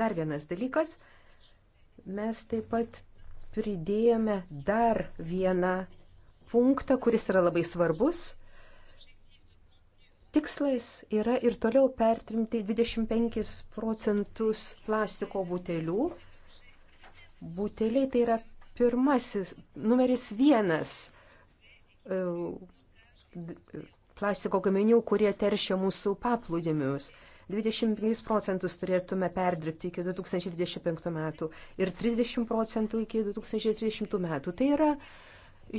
Dar vienas dalykas, mes taip pat pridėjome dar vieną punktą, kuris yra labai svarbus. Tikslas yra ir toliau pertrimti 25 procentus plastiko butelių. Buteliai tai yra pirmasis, numeris vienas e, plastiko gaminių, kurie teršia mūsų paplūdimius. 25 procentus turėtume perdirbti iki 2025 metų ir 30 procentų iki 2030 metų. Tai yra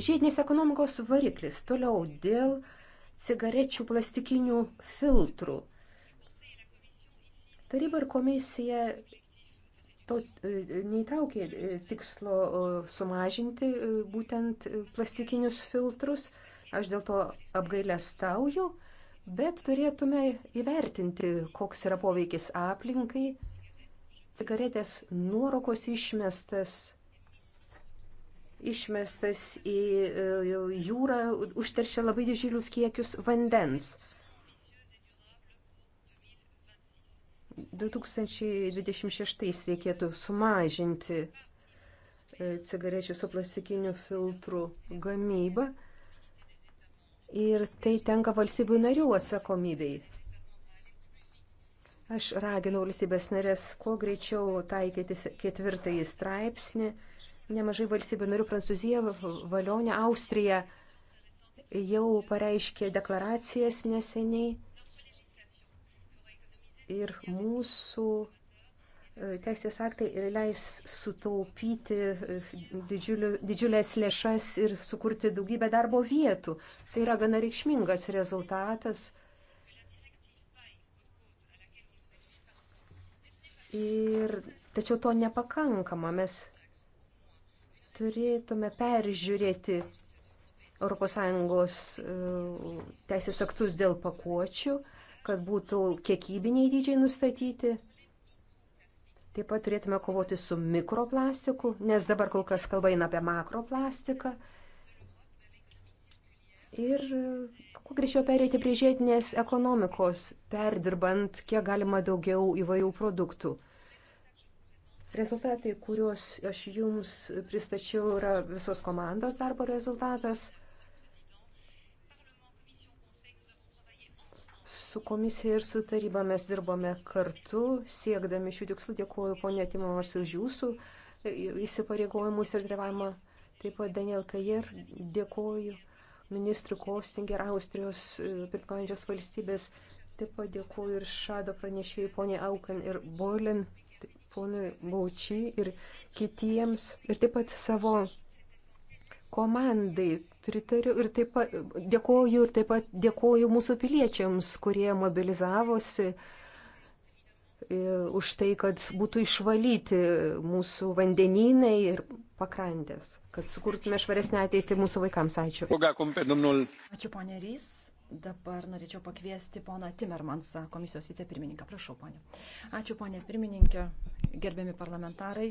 žiedinės ekonomikos variklis. Toliau dėl cigarečių plastikinių filtrų. Taryba ir komisija to e, e, neįtraukė e, tikslo sumažinti būtent plastikinius filtrus. Aš dėl to apgailę stauju Bet turėtume įvertinti, koks yra poveikis aplinkai. Cigaretės nuorokos išmestas, išmestas į jūrą, užteršia labai didžiulius kiekius vandens. 2026 reikėtų sumažinti e, cigarečių su plastikiniu filtru gamybą ir tai tenka valstybių narių atsakomybei. Aš raginau valstybės narės kuo greičiau taikyti ketvirtąjį straipsnį. Nemažai valstybių narių Prancūzija, Valionė, Austrija jau pareiškė deklaracijas neseniai. Ir mūsų teisės aktai ir leis sutaupyti e, didžiulį, didžiulės lėšas ir sukurti daugybę darbo vietų. Tai yra gana reikšmingas rezultatas. Ir tačiau to nepakankama. Mes turėtume peržiūrėti ES e, teisės aktus dėl pakuočių, kad būtų kiekybiniai dydžiai nustatyti Taip pat turėtume kovoti su mikroplastiku, nes dabar kol kas kalba eina apie makroplastiką. Ir kuo greičiau pereiti prie žiedinės ekonomikos, perdirbant kiek galima daugiau įvairių produktų. Rezultatai, kuriuos aš jums pristačiau, yra visos komandos darbo rezultatas. su komisija ir su taryba mes dirbome kartu, siekdami šių tikslų. Dėkuoju ponė Timomars už jūsų įsipareigojimus ir dalyvavimą. Taip pat Daniel Kajer, dėkuoju ministrui Kostinger, Austrijos e, pirkaujančios valstybės. Taip pat dėkuoju ir šado pranešėjai ponė Auken ir Boilin, ponui Baučiai ir kitiems. Ir taip pat savo komandai Pritariu ir taip pat dėkoju ir taip pat dėkoju mūsų piliečiams, kurie mobilizavosi e, už tai, kad būtų išvalyti mūsų vandenynai ir pakrantės, kad sukurtume švaresnę ateitį mūsų vaikams. Ačiū. Ačiū, ponė Rys. Dabar norėčiau pakviesti poną Timermansą, komisijos vicepirmininką. Prašau, ponė. Ačiū, ponė pirmininkė, gerbiami parlamentarai.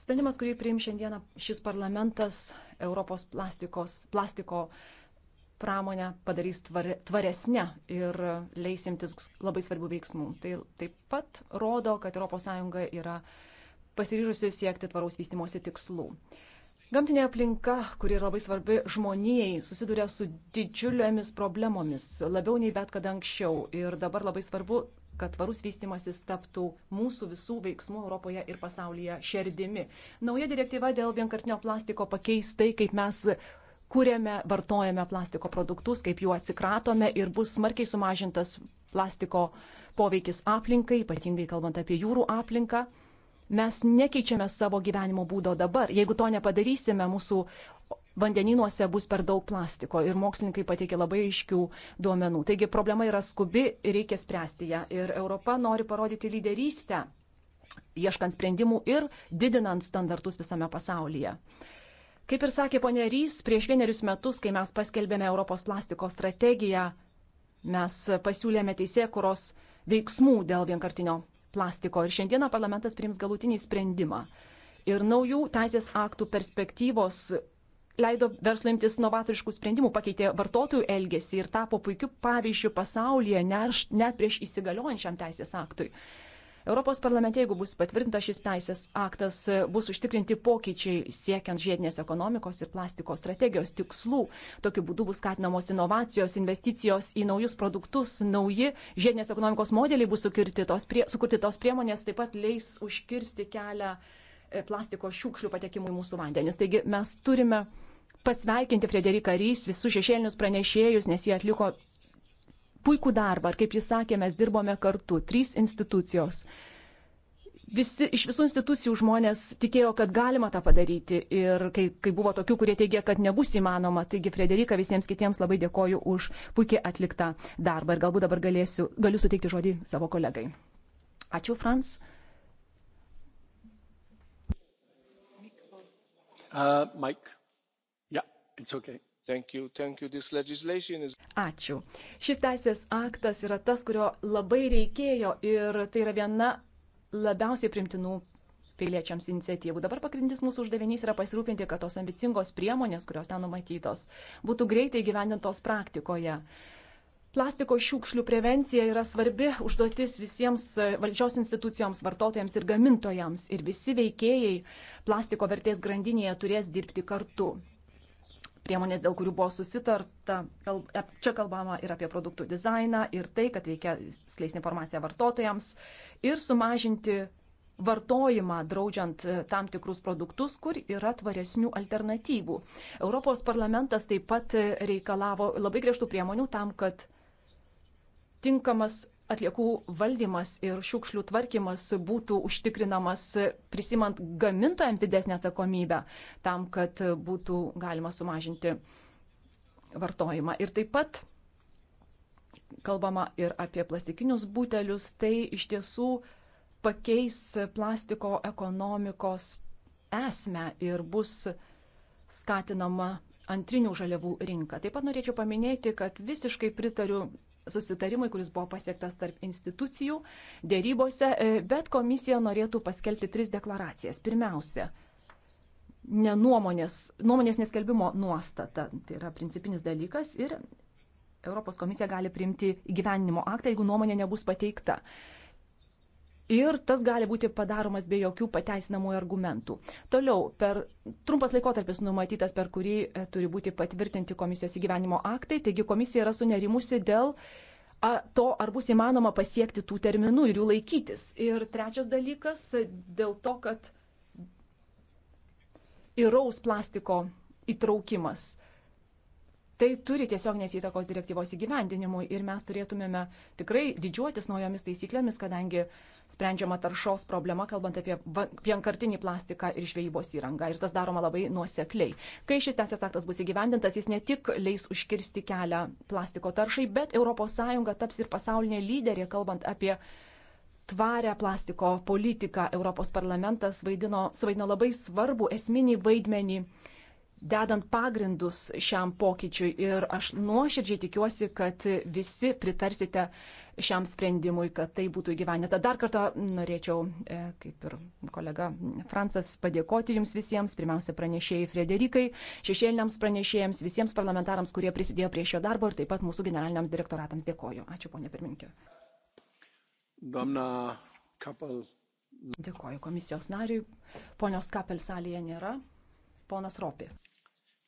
Sprendimas, kurį priim šiandieną šis parlamentas Europos plastikos, plastiko pramonę padarys tvaresnę ir leisimtis labai svarbių veiksmų. Tai taip pat rodo, kad ES yra pasiryžusi siekti tvaraus vystimosi tikslų. Gamtinė aplinka, kuri yra labai svarbi žmonijai, susiduria su didžiulėmis problemomis, labiau nei bet kada anksčiau. Ir dabar labai svarbu kad tvarus vystimasis taptų mūsų visų veiksmų Europoje ir pasaulyje šerdimi. Nauja direktyva dėl vienkartinio plastiko pakeis tai, kaip mes kūrėme, vartojame plastiko produktus, kaip jų atsikratome ir bus smarkiai sumažintas plastiko poveikis aplinkai, ypatingai kalbant apie jūrų aplinką. Mes nekeičiame savo gyvenimo būdo dabar. Jeigu to nepadarysime, mūsų vandeninuose bus per daug plastiko ir mokslininkai pateikė labai aiškių duomenų. Taigi problema yra skubi ir reikia spręsti ją. Ir Europa nori parodyti lyderystę, ieškant sprendimų ir didinant standartus visame pasaulyje. Kaip ir sakė ponė Rys, prieš vienerius metus, kai mes paskelbėme Europos plastiko strategiją, mes pasiūlėme teisėkuros veiksmų dėl vienkartinio plastiko ir šiandieną parlamentas priims galutinį sprendimą. Ir naujų teisės aktų perspektyvos leido verslui imtis novatoriškų sprendimų, pakeitė vartotojų elgesį ir tapo puikiu pavyzdžiu pasaulyje net prieš įsigaliojant šiam teisės aktui. Europos parlamente, jeigu bus patvirtintas šis teisės aktas, bus užtikrinti pokyčiai siekiant žiedinės ekonomikos ir plastiko strategijos tikslų. Tokiu būdu bus skatinamos inovacijos, investicijos į naujus produktus, nauji žiedinės ekonomikos modeliai bus sukurti tos, prie, sukurti tos priemonės, taip pat leis užkirsti kelią uh, E, plastiko šiukšlių patekimų į mūsų vandenis. Taigi mes turime pasveikinti Frederiką Rys, visus šešėlinius pranešėjus, nes jie atliko puikų darbą. Ir kaip jis sakė, mes dirbome kartu, trys institucijos. Visi, iš visų institucijų žmonės tikėjo, kad galima tą padaryti ir kai, kai buvo tokių, kurie teigė, kad nebus įmanoma, taigi Frederika visiems kitiems labai dėkoju už puikiai atliktą darbą ir galbūt dabar galėsiu, galiu suteikti žodį savo kolegai. Ačiū, Frans. Uh, yeah, okay. Thank you, thank you. Is... Ačiū. Šis teisės aktas yra tas, kurio labai reikėjo ir tai yra viena labiausiai primtinų piliečiams iniciatyvų. Dabar pagrindinis mūsų uždavinys yra pasirūpinti, kad tos ambicingos priemonės, kurios ten numatytos, būtų greitai gyvendintos praktikoje. Uh, Plastiko šiukšlių prevencija yra svarbi užduotis visiems e, valdžios institucijoms, vartotojams ir gamintojams. Ir visi veikėjai plastiko vertės grandinėje turės dirbti kartu. Priemonės, dėl kurių buvo susitarta, čia kalbama ir apie produktų dizainą, ir tai, kad reikia skleisti informaciją vartotojams ir sumažinti vartojimą, draudžiant e, tam tikrus produktus, kur yra tvaresnių alternatyvų. Europos parlamentas taip pat e, reikalavo labai griežtų priemonių tam, kad tinkamas atliekų valdymas ir šiukšlių tvarkymas būtų užtikrinamas prisimant gamintojams didesnę atsakomybę tam, kad būtų galima sumažinti vartojimą. Ir taip pat kalbama ir apie plastikinius butelius, tai iš tiesų pakeis plastiko ekonomikos esmę ir bus skatinama antrinių žaliavų rinka. Taip pat norėčiau paminėti, kad visiškai pritariu susitarimui, kuris buvo pasiektas tarp institucijų dėrybose, e, bet komisija norėtų paskelbti tris deklaracijas. Pirmiausia, nenuomonės, nuomonės neskelbimo nuostata, tai yra principinis dalykas ir Europos komisija gali priimti įgyvenimo aktą, jeigu nuomonė nebus pateikta. Uh, ir tas gali būti padaromas be jokių pateisinamųjų argumentų. Toliau, per trumpas laikotarpis numatytas, per kurį e, turi būti patvirtinti komisijos įgyvenimo aktai, taigi komisija yra sunerimusi dėl a, to, ar bus įmanoma pasiekti tų terminų ir jų laikytis. Ir trečias dalykas, dėl to, kad įraus plastiko įtraukimas tai turi tiesioginės įtakos direktyvos įgyvendinimui ir mes turėtumėme tikrai didžiuotis naujomis taisyklėmis, kadangi sprendžiama taršos problema, kalbant apie vienkartinį plastiką ir žvejybos įrangą. Ir tas daroma labai nuosekliai. Kai šis teisės aktas bus įgyvendintas, jis ne tik leis užkirsti kelią plastiko taršai, bet ES taps ir pasaulinė lyderė, kalbant apie tvarią plastiko politiką Europos parlamentas vaidino, suvaidino labai svarbų esminį vaidmenį dedant pagrindus šiam pokyčiui ir aš nuoširdžiai tikiuosi, kad visi pritarsite šiam sprendimui, kad tai būtų įgyvendinta. Dar kartą norėčiau, e, kaip ir kolega Francas, padėkoti jums visiems, pirmiausia pranešėjai Frederikai, šešėliniams pranešėjams, visiems parlamentarams, kurie prisidėjo prie šio darbo ir taip pat mūsų generaliniams direktoratams dėkoju. Ačiū, ponė pirmininkė. Domna Kapel. Dėkoju komisijos nariui. Ponios Kapel salėje nėra. Ponas Ropi.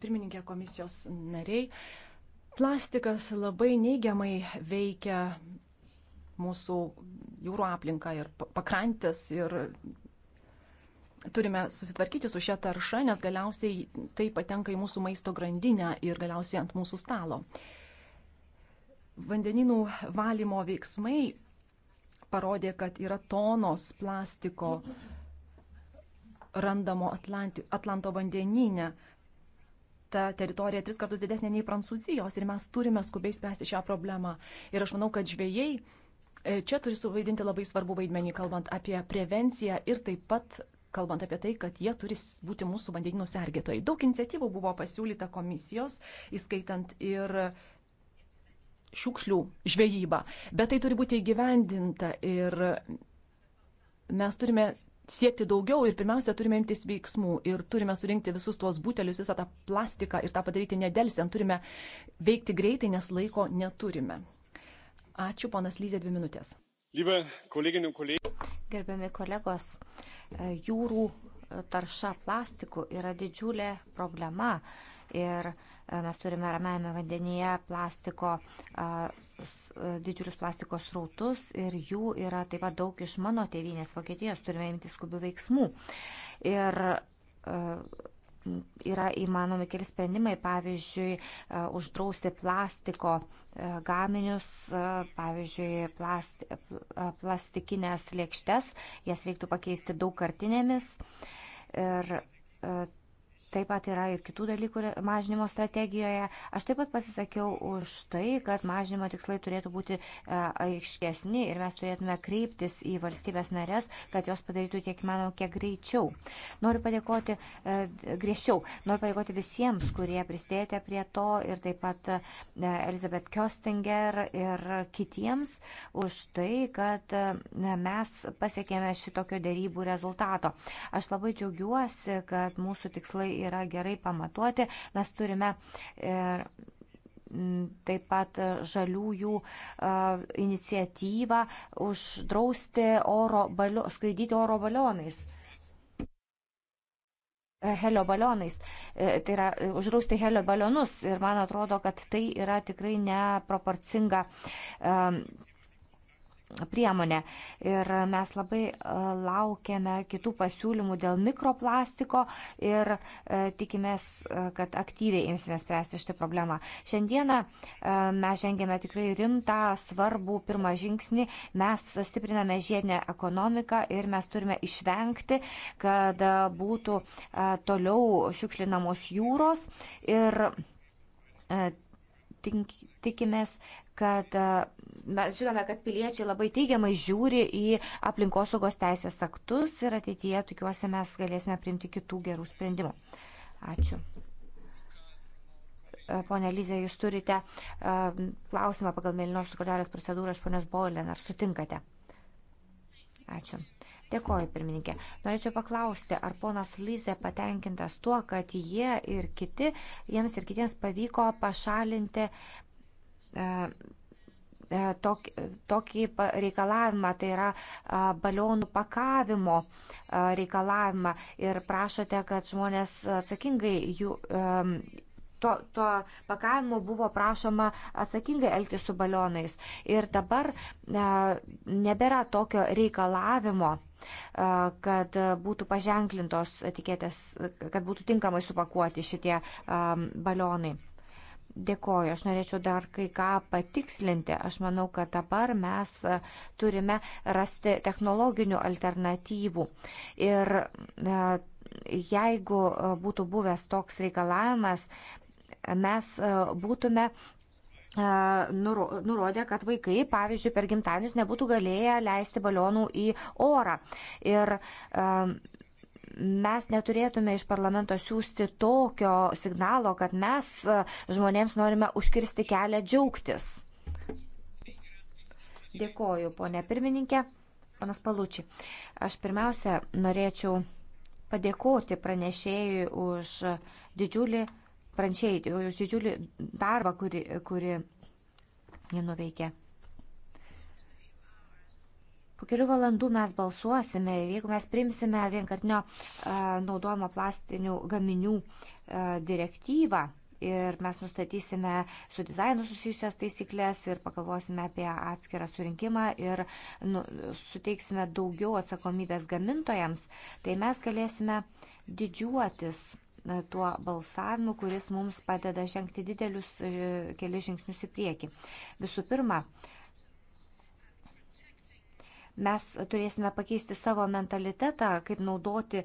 pirmininkė komisijos nariai. Plastikas labai neigiamai veikia mūsų jūrų aplinką ir pakrantis ir turime susitvarkyti su šia tarša, nes galiausiai tai patenka į mūsų maisto grandinę ir galiausiai ant mūsų stalo. Vandeninų valymo veiksmai parodė, kad yra tonos plastiko randamo Atlanti, Atlanto vandeninę ta teritorija tris kartus didesnė nei Prancūzijos ir mes turime skubiai spręsti šią problemą. Ir aš manau, kad žvėjai e, čia turi suvaidinti labai svarbu vaidmenį, kalbant apie prevenciją ir taip pat kalbant apie tai, kad jie turi būti mūsų vandenynų sergėtojai. Daug iniciatyvų buvo pasiūlyta komisijos, įskaitant ir šiukšlių žvejybą, bet tai turi būti įgyvendinta ir mes turime siekti daugiau ir pirmiausia turime imtis veiksmų ir turime surinkti visus tuos butelius, visą tą plastiką ir tą padaryti nedelsiant, turime veikti greitai, nes laiko neturime. Ačiū, ponas Lyzė, dvi minutės. Gerbiami kolegos, e, jūrų e, tarša plastiku yra didžiulė problema ir Mes turime ramajame vandenyje plastiko, didžiulius plastiko srautus ir jų yra taip pat daug iš mano tėvynės Vokietijos. Turime imti skubių veiksmų. Ir yra įmanomi keli sprendimai, pavyzdžiui, uždrausti plastiko gaminius, pavyzdžiui, plast, plastikinės lėkštes, jas reiktų pakeisti daugkartinėmis. Ir Taip pat yra ir kitų dalykų mažinimo strategijoje. Aš taip pat pasisakiau už tai, kad mažinimo tikslai turėtų būti e, aiškesni ir mes turėtume kreiptis į valstybės narės, kad jos padarytų tiek įmanoma, kiek greičiau. Noriu padėkoti e, griežčiau. Noriu padėkoti visiems, kurie prisidėjote prie to ir taip pat e, Elizabeth Köstinger ir kitiems už tai, kad mes pasiekėme šitokio dėrybų rezultato. Aš labai džiaugiuosi, kad mūsų tikslai yra gerai pamatuoti. Mes turime ir e, taip pat žaliųjų e, iniciatyvą uždrausti oro balio, skraidyti oro balionais. E, helio balionais. Tai yra uždrausti helio balionus ir man atrodo, kad tai yra tikrai neproporcinga. Um, priemonė. Ir mes labai e, laukiame kitų pasiūlymų dėl mikroplastiko ir e, tikimės, e, kad aktyviai imsime spręsti šitą problemą. Šiandieną mes žengėme tikrai rimtą, svarbų pirmą žingsnį. Mes stipriname žiedinę ekonomiką ir mes turime išvengti, kad būtų toliau šiukšlinamos jūros. Ir tikimės, kad mes žinome, kad piliečiai labai teigiamai žiūri į aplinkosaugos teisės aktus ir ateityje, tikiuosi, mes galėsime priimti kitų gerų sprendimų. Ačiū. E, pone Lyzė, jūs turite e, klausimą pagal Mėlynos kortelės procedūrą iš ponios Boilen. Ar sutinkate? Ačiū. Dėkoju, pirmininkė. Norėčiau paklausti, ar ponas Lyze patenkintas tuo, kad jie ir kiti, jiems ir kitiems pavyko pašalinti e, E, tokį reikalavimą, tai yra balionų pakavimo reikalavimą ir prašote, kad žmonės atsakingai jų. To, to pakavimo buvo prašoma atsakingai elgti su balionais. Ir dabar e, nebėra tokio reikalavimo e, kad būtų paženklintos etiketės, kad būtų tinkamai supakuoti šitie balionai. Dėkoju, aš norėčiau dar kai ką patikslinti. Aš manau, kad dabar mes e, turime rasti technologinių alternatyvų. Ir e, jeigu e, būtų buvęs toks reikalavimas, mes būtume nurodė, kad vaikai, pavyzdžiui, per gimtadienius nebūtų galėję leisti balionų į orą. Ir mes neturėtume iš parlamento siūsti tokio signalo, kad mes e, žmonėms norime užkirsti kelią džiaugtis. Dėkoju, ponė pirmininkė, panas Palučiai. Aš pirmiausia norėčiau padėkoti pranešėjui už didžiulį, pranešėjai, už didžiulį darbą, kurį, kurį nuveikė. Po kelių valandų mes balsuosime ir jeigu mes priimsime vienkartinio naudojimo plastinių gaminių direktyvą, ir mes nustatysime su dizainu susijusias taisyklės ir pagalvosime apie atskirą surinkimą ir nu, suteiksime daugiau atsakomybės gamintojams, tai mes galėsime didžiuotis e, tuo balsavimu, kuris mums padeda žengti didelius e, kelius žingsnius į priekį. Visų pirma, Mes turėsime pakeisti savo mentalitetą, kaip naudoti e,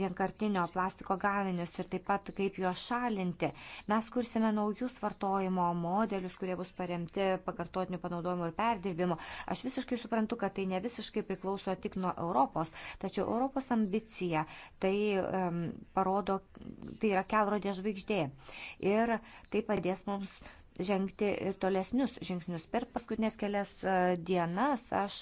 vienkartinio plastiko gaminius ir taip pat kaip juos šalinti. Mes kursime naujus vartojimo modelius, kurie bus paremti pakartotiniu panaudojimu ir perdirbimu. Aš visiškai suprantu, kad tai ne visiškai priklauso tik nuo Europos, tačiau Europos ambicija tai um, parodo, tai yra kelrodė žvaigždė. Ir tai padės mums žengti ir tolesnius žingsnius. Per paskutinės kelias e, dienas aš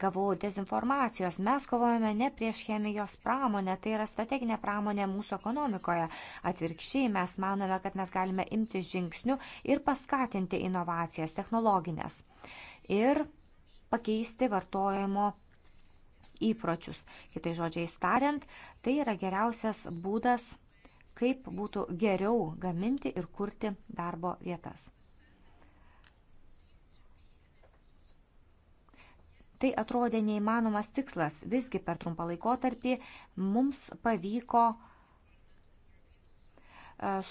gavau dezinformacijos. Mes kovojame ne prieš chemijos pramonę, tai yra strateginė pramonė mūsų ekonomikoje. Atvirkščiai mes manome, kad mes galime imti žingsnių ir paskatinti inovacijas technologinės ir pakeisti vartojimo. Įpročius. Kitai žodžiai tariant, tai yra geriausias būdas, kaip būtų geriau gaminti ir kurti darbo vietas. Tai atrodė neįmanomas tikslas, visgi per trumpą laikotarpį mums pavyko e,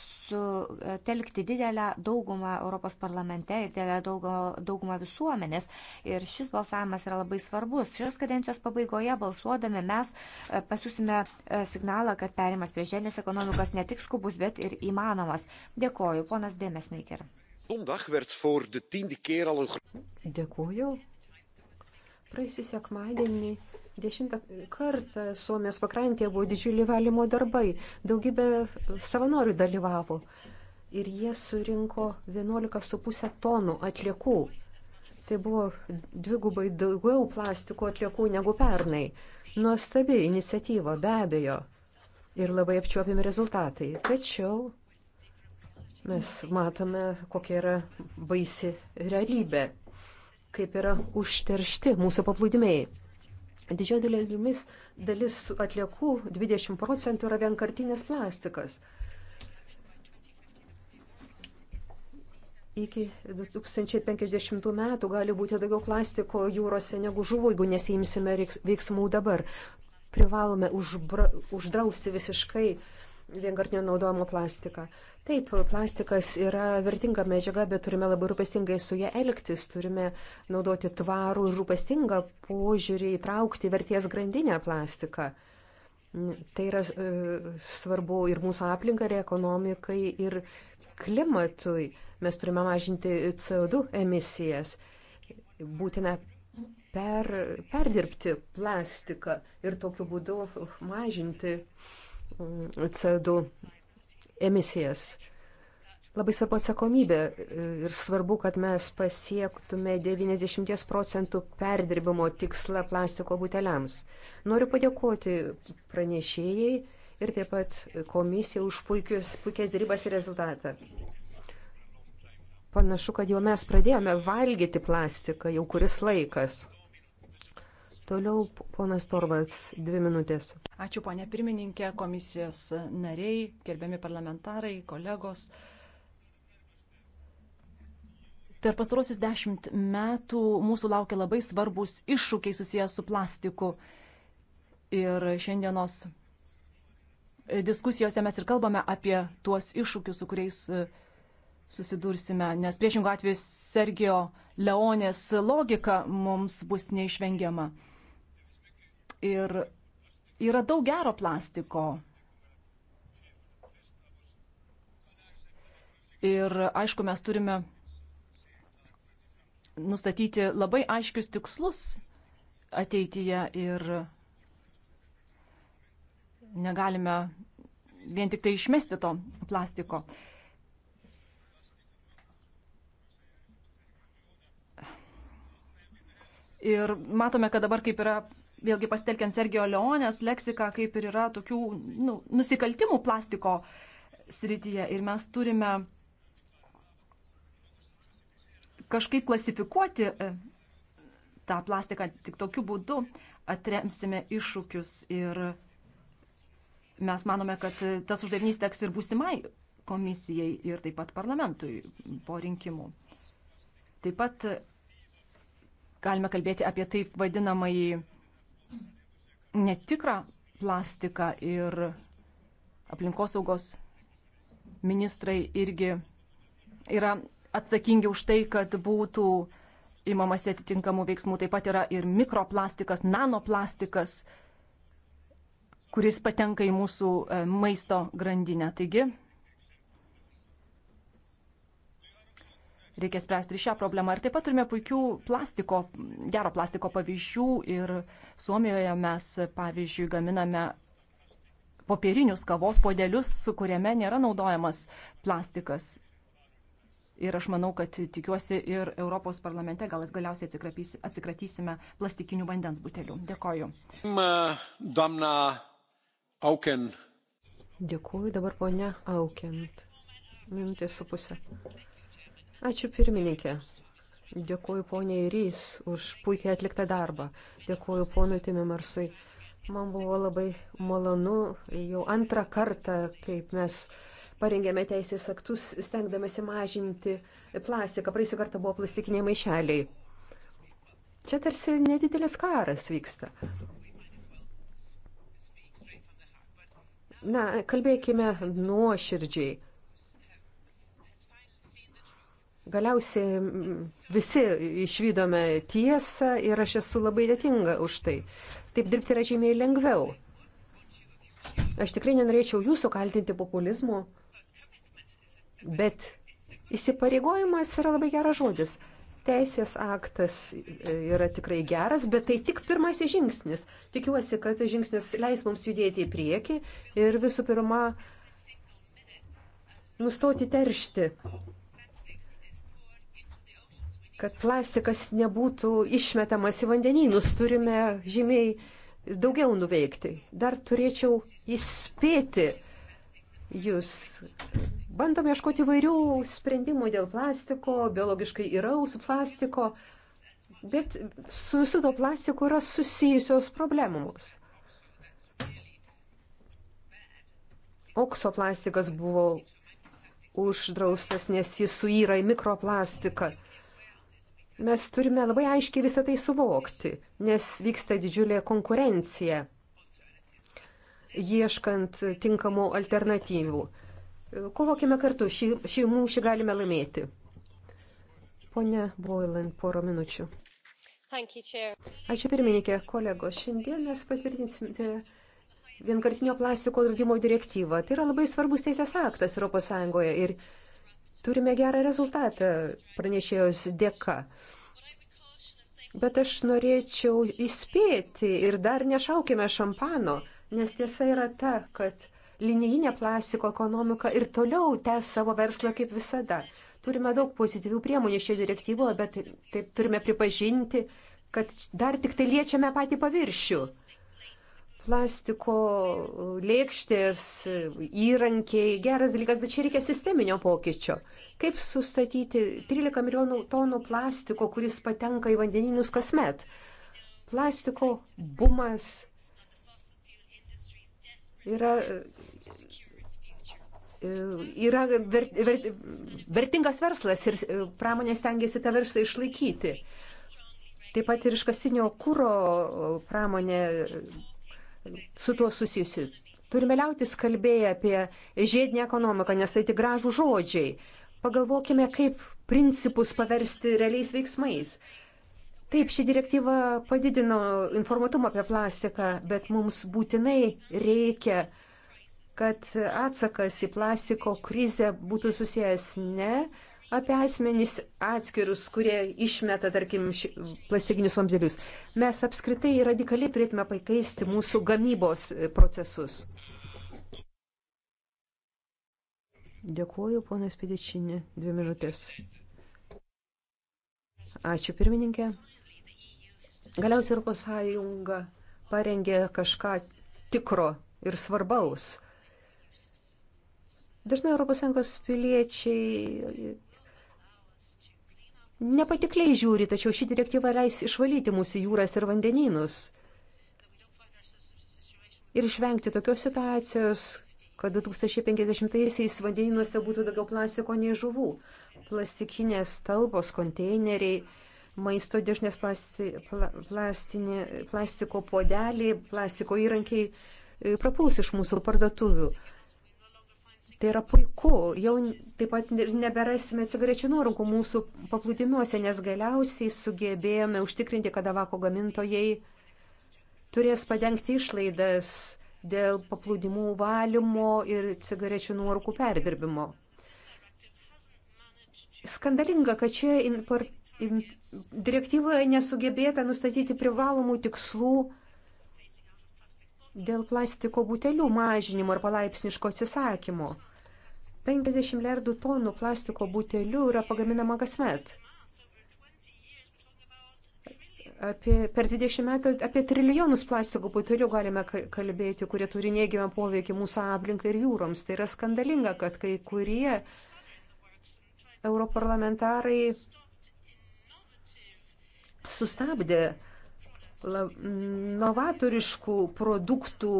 sutelkti didelę daugumą Europos parlamente ir didelę daugumą visuomenės. Ir šis balsavimas yra labai svarbus. Šios kadencijos pabaigoje balsuodami mes e, pasiūsime e, signalą, kad perimas prie žemės ekonomikos ne tik skubus, bet ir įmanomas. Dėkoju, ponas Dėmesnyker. Dėkoju. Praėjusią sekmadienį dešimtą kartą Suomijos pakrantėje buvo didžiuliai valymo darbai. Daugybė savanorių dalyvavo. Ir jie surinko 11,5 tonų atliekų. Tai buvo dvigubai daugiau plastiko atliekų negu pernai. Nuostabi iniciatyva, be abejo. Ir labai apčiuopiami rezultatai. Tačiau mes matome, kokia yra baisi realybė kaip yra užteršti mūsų paplūdimiai. Didžioji dalimis dalis atliekų 20 procentų yra vienkartinis plastikas. Iki 2050 metų gali būti daugiau plastiko jūrose negu žuvų, jeigu nesiimsime veiksmų dabar. Privalome užbra, uždrausti visiškai uh, vienkartinio naudojimo plastiką. Taip, plastikas yra vertinga medžiaga, bet turime labai rūpestingai su ją elgtis, turime naudoti tvarų ir rūpestingą požiūrį įtraukti verties grandinę plastiką. Tai yra e, svarbu ir mūsų aplinkai, ir ekonomikai, ir klimatui. Mes turime mažinti CO2 emisijas. Būtina per, perdirbti plastiką ir tokiu būdu mažinti uh, CO2 emisijas. Labai svarbu atsakomybė ir svarbu, kad mes pasiektume 90 procentų perdirbimo tikslą plastiko buteliams. Noriu padėkoti pranešėjai ir taip pat komisijai už puikius, puikias darybas ir rezultatą. Panašu, kad jau mes pradėjome valgyti plastiką jau kuris laikas. Toliau ponas Torvalds, dvi minutės. Ačiū ponė pirmininkė, komisijos nariai, gerbiami parlamentarai, kolegos. Per pastarosius dešimt metų mūsų laukia labai svarbus iššūkiai susijęs su plastiku. Ir šiandienos diskusijose mes ir kalbame apie tuos iššūkius, su kuriais e, susidursime, nes priešingų atveju Sergio Leonės logika mums bus neišvengiama. Ir yra daug gero plastiko. Ir aišku, mes turime nustatyti labai aiškius tikslus ateityje ir negalime vien tik tai išmesti to plastiko. Ir matome, kad dabar kaip yra, vėlgi pasitelkiant Sergio Leonės leksiką, kaip ir yra tokių nu, nusikaltimų plastiko srityje. Ir mes turime kažkaip klasifikuoti e, tą plastiką. Tik tokiu būdu atremsime iššūkius ir mes manome, kad e, tas uždavinys teks ir būsimai komisijai ir taip pat parlamentui po rinkimų. Taip pat e, galime kalbėti apie taip vadinamąjį netikrą plastiką ir aplinkosaugos ministrai irgi yra atsakingi už tai, kad būtų imamasi atitinkamų veiksmų. Taip pat yra ir mikroplastikas, nanoplastikas, kuris patenka į mūsų e, maisto grandinę. Taigi, reikia spręsti ir šią problemą. Ir taip pat turime puikių plastiko, gero plastiko pavyzdžių ir Suomijoje mes, pavyzdžiui, gaminame popierinius kavos podelius, su kuriame nėra naudojamas plastikas. Ir aš manau, kad tikiuosi ir Europos parlamente gal galiausiai atsikratysime plastikinių vandens butelių. Dėkoju. Damna Auken. Dėkuoju dabar ponia Aukent. Minutė su pusė. Ačiū pirmininkė. Dėkuoju poniai Rys už puikiai atliktą darbą. Dėkuoju ponui Timimarsai. Man buvo labai malonu jau antrą kartą, kaip mes parengėme teisės aktus, stengdamėsi mažinti plastiką. Praėjusiu kartą buvo plastikiniai maišeliai. Čia tarsi nedidelis karas vyksta. Na, kalbėkime nuoširdžiai. Galiausiai mm, visi išvykome tiesą ir aš esu labai dėtinga už tai. Taip dirbti yra žymiai lengviau. Aš tikrai nenorėčiau jūsų kaltinti populizmu, bet įsipareigojimas yra labai geras žodis. Teisės aktas yra tikrai geras, bet tai tik pirmasis žingsnis. Tikiuosi, kad žingsnis leis mums judėti į priekį ir visų pirma nustoti teršti kad plastikas nebūtų išmetamas į vandenynus, turime žymiai daugiau nuveikti. Dar turėčiau įspėti jūs. Bandome ieškoti įvairių sprendimų dėl plastiko, biologiškai įraus plastiko, bet su visu to plastiku yra susijusios problemos. Oksoplastikas buvo uždraustas, nes jis suyra į mikroplastiką. Mes turime labai aiškiai visą tai suvokti, nes vyksta didžiulė konkurencija ieškant tinkamų alternatyvų. Kovokime kartu, šį, šį mūšį galime laimėti. Pone Boilan, poro minučių. Ačiū pirmininkė, kolegos. Šiandien mes patvirtinsime vienkartinio plastiko draudimo direktyvą. Tai yra labai svarbus teisės aktas ES ir turime gerą rezultatą pranešėjos dėka. Bet aš norėčiau įspėti ir dar nešaukime šampano, nes tiesa yra ta, kad linijinė plastiko ekonomika ir toliau tęs savo verslą kaip visada. Turime daug pozityvių priemonių šioje direktyvoje, bet taip turime pripažinti, kad dar tik tai liečiame patį paviršių plastiko lėkštės, įrankiai, geras dalykas, bet čia reikia sisteminio pokyčio. Kaip sustatyti 13 milijonų tonų plastiko, kuris patenka į vandeninius kasmet? Plastiko bumas yra, yra ver, ver, vertingas verslas ir pramonė stengiasi tą verslą išlaikyti. Taip pat ir iškasinio kūro pramonė su tuo susijusi. Turime liautis kalbėję apie žiedinę ekonomiką, nes tai tik gražų žodžiai. Pagalvokime, kaip principus paversti realiais veiksmais. Taip, ši direktyva padidino informatumą apie plastiką, bet mums būtinai reikia, kad atsakas į plastiko krizę būtų susijęs ne apie asmenys atskirus, kurie išmeta, tarkim, plastikinius vamzdelius. Mes apskritai radikaliai turėtume pakeisti mūsų gamybos e, procesus. Dėkuoju, ponas Pidečinė, dvi minutės. Ačiū, pirmininkė. Galiausiai Europos Sąjunga parengė kažką tikro ir svarbaus. Dažnai ES piliečiai nepatikliai žiūri, tačiau ši direktyva leis išvalyti mūsų jūras ir vandenynus. Ir išvengti tokios situacijos, kad 2050-aisiais vandenynuose būtų daugiau plastiko nei žuvų. Plastikinės talpos, konteineriai, maisto dėžnės plasti, pla, plastinė, plastiko podeliai, plastiko įrankiai e, prapuls iš mūsų parduotuvių. Tai yra puiku. Jau taip pat neberasime cigarečių nuorūkų mūsų paplūdimiuose, nes galiausiai sugebėjome užtikrinti, kad avako gamintojai turės padengti išlaidas dėl paplūdimų valymo ir cigarečių nuorūkų perdirbimo. Skandalinga, kad čia import... direktyvoje nesugebėta nustatyti privalomų tikslų dėl plastiko butelių mažinimo ir palaipsniško atsisakymo. 50 milijardų tonų plastiko butelių yra pagaminama kasmet. Apie, per 20 metų apie trilijonus plastiko butelių galime kalbėti, kurie turi neigiamą poveikį mūsų aplinkai ir jūroms. Tai yra skandalinga, kad kai kurie europarlamentarai sustabdė novatoriškų produktų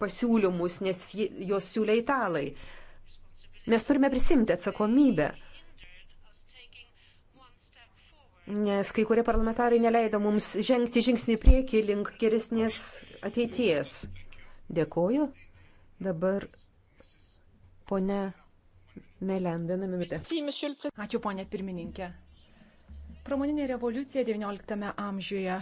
pasiūlymus, nes juos siūlė italai. Mes turime prisimti atsakomybę, nes kai kurie parlamentarai neleido mums žengti žingsnį priekį link geresnės ateities. Dėkoju. Dabar ponia Melen, vieną minutę. Ačiū, ponia pirmininkė. Pramoninė revoliucija XIX amžiuje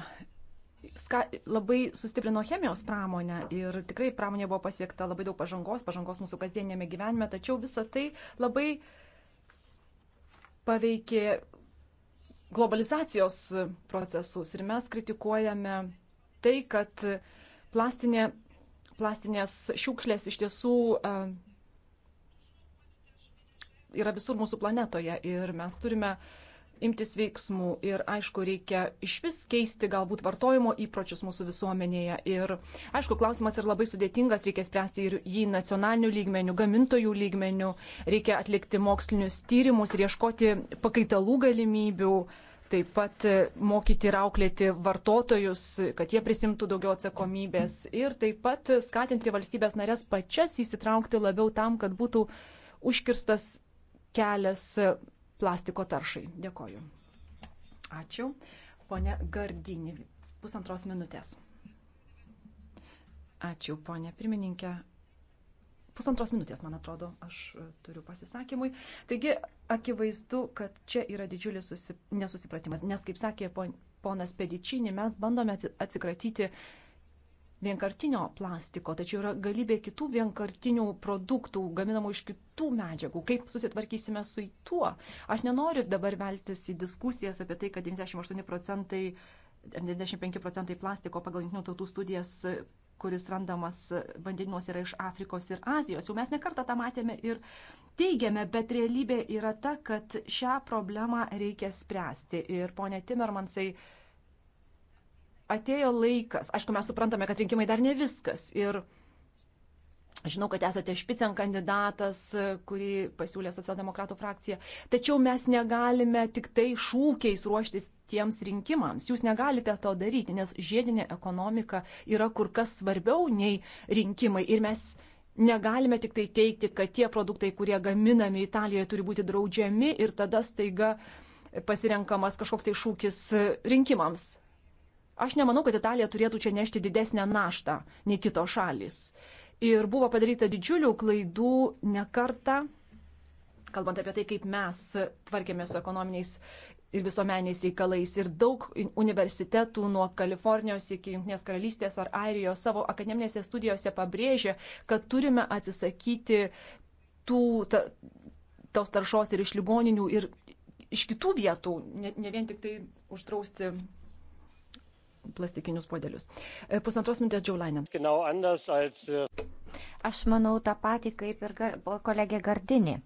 ska, labai sustiprino chemijos pramonę ir tikrai pramonė buvo pasiekta labai daug pažangos, pažangos mūsų kasdienėme gyvenime, tačiau visa tai labai paveikė globalizacijos procesus ir mes kritikuojame tai, kad plastinė, plastinės šiukšlės iš tiesų e, yra visur mūsų planetoje ir mes turime uh, imtis veiksmų ir aišku reikia iš vis keisti galbūt vartojimo įpročius mūsų visuomenėje ir aišku klausimas ir labai sudėtingas reikia spręsti ir jį nacionaliniu lygmeniu gamintojų lygmeniu reikia atlikti mokslinius tyrimus ir ieškoti pakaitalų galimybių taip pat e, mokyti ir auklėti vartotojus, kad jie prisimtų daugiau atsakomybės ir taip pat skatinti valstybės narės pačias įsitraukti labiau tam, kad būtų užkirstas kelias plastiko taršai. Dėkoju. Ačiū. Pone Gardinį, pusantros minutės. Ačiū, ponė pirmininkė. Pusantros minutės, man atrodo, aš turiu pasisakymui. Taigi, akivaizdu, kad čia yra didžiulis nesusipratimas, nes, kaip sakė ponas Pedičinį, mes bandome atsikratyti vienkartinio plastiko, tačiau yra galybė kitų vienkartinių produktų gaminamų iš kitų medžiagų. Kaip susitvarkysime su tuo? Aš nenoriu dabar veltis į diskusijas apie tai, kad 98 procentai, 95 procentai plastiko pagal jungtinių tautų studijas kuris randamas vandeninuose yra iš Afrikos ir Azijos. Jau mes nekartą tą matėme ir teigiame, bet realybė yra ta, kad šią problemą reikia spręsti. Ir ponė Timermansai, atėjo laikas. Aišku, mes suprantame, kad rinkimai dar ne viskas. Ir žinau, kad esate špicen kandidatas, kurį pasiūlė socialdemokratų frakcija. Tačiau mes negalime tik tai šūkiais ruoštis tiems rinkimams. Jūs negalite to daryti, nes žiedinė ekonomika yra kur kas svarbiau nei rinkimai. Ir mes negalime tik tai teikti, kad tie produktai, kurie gaminami Italijoje, turi būti draudžiami ir tada staiga pasirenkamas kažkoks tai šūkis rinkimams. Aš nemanau, kad Italija turėtų čia nešti didesnę naštą nei kitos šalis. Ir buvo padaryta didžiulių klaidų nekarta, kalbant apie tai, kaip mes tvarkėmės su ekonominiais ir visuomeniais reikalais. Ir daug universitetų nuo Kalifornijos iki Junktinės karalystės ar Airijos savo akademinėse studijose pabrėžė, kad turime atsisakyti tų, ta, tos taršos ir iš ligoninių ir iš kitų vietų, ne, ne vien tik tai uždrausti plastikinius podelius. E, pusantros mintės Džiaulainėms. Äh, Aš manau tą patį kaip ir gar, kolegė Gardinė e,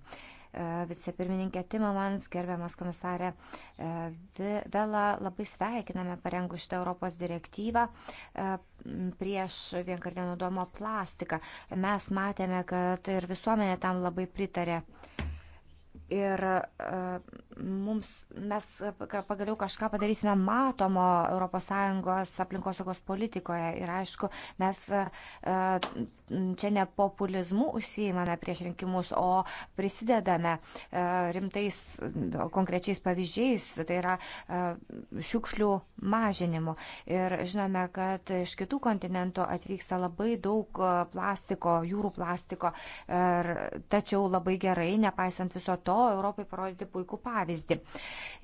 vicepirmininkė Timomans, gerbiamas komisarė e, Vela, labai sveikiname parengus šitą Europos direktyvą prieš vienkartinę naudojimo plastiką. Mes matėme, kad ir visuomenė tam labai pritarė. Ir uh, mums, mes pagaliau kažką padarysime matomo ES aplinkosaugos politikoje. Ir aišku, mes e, čia ne populizmu užsijimame prieš rinkimus, o prisidedame e, rimtais e, konkrečiais pavyzdžiais, tai yra šiukšlių mažinimu. Ir žinome, kad iš kitų kontinentų atvyksta labai daug plastiko, jūrų plastiko. Ir, tačiau labai gerai, nepaisant viso to, Europai parodyti puikų pavyzdį pavyzdį.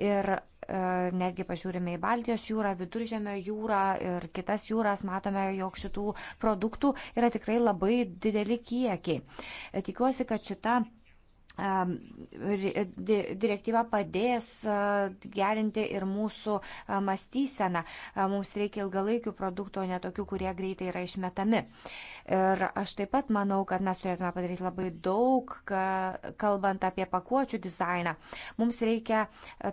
Ir e, netgi pažiūrime į Baltijos jūrą, Viduržėmio jūrą ir kitas jūras, matome, jog šitų produktų yra tikrai labai dideli kiekiai. Tikiuosi, kad šita direktyva padės gerinti ir mūsų mąstyseną. Mums reikia ilgalaikių produktų, o ne tokių, kurie greitai yra išmetami. Ir aš taip pat manau, kad mes turėtume padaryti labai daug, kalbant apie pakuočių dizainą. Mums reikia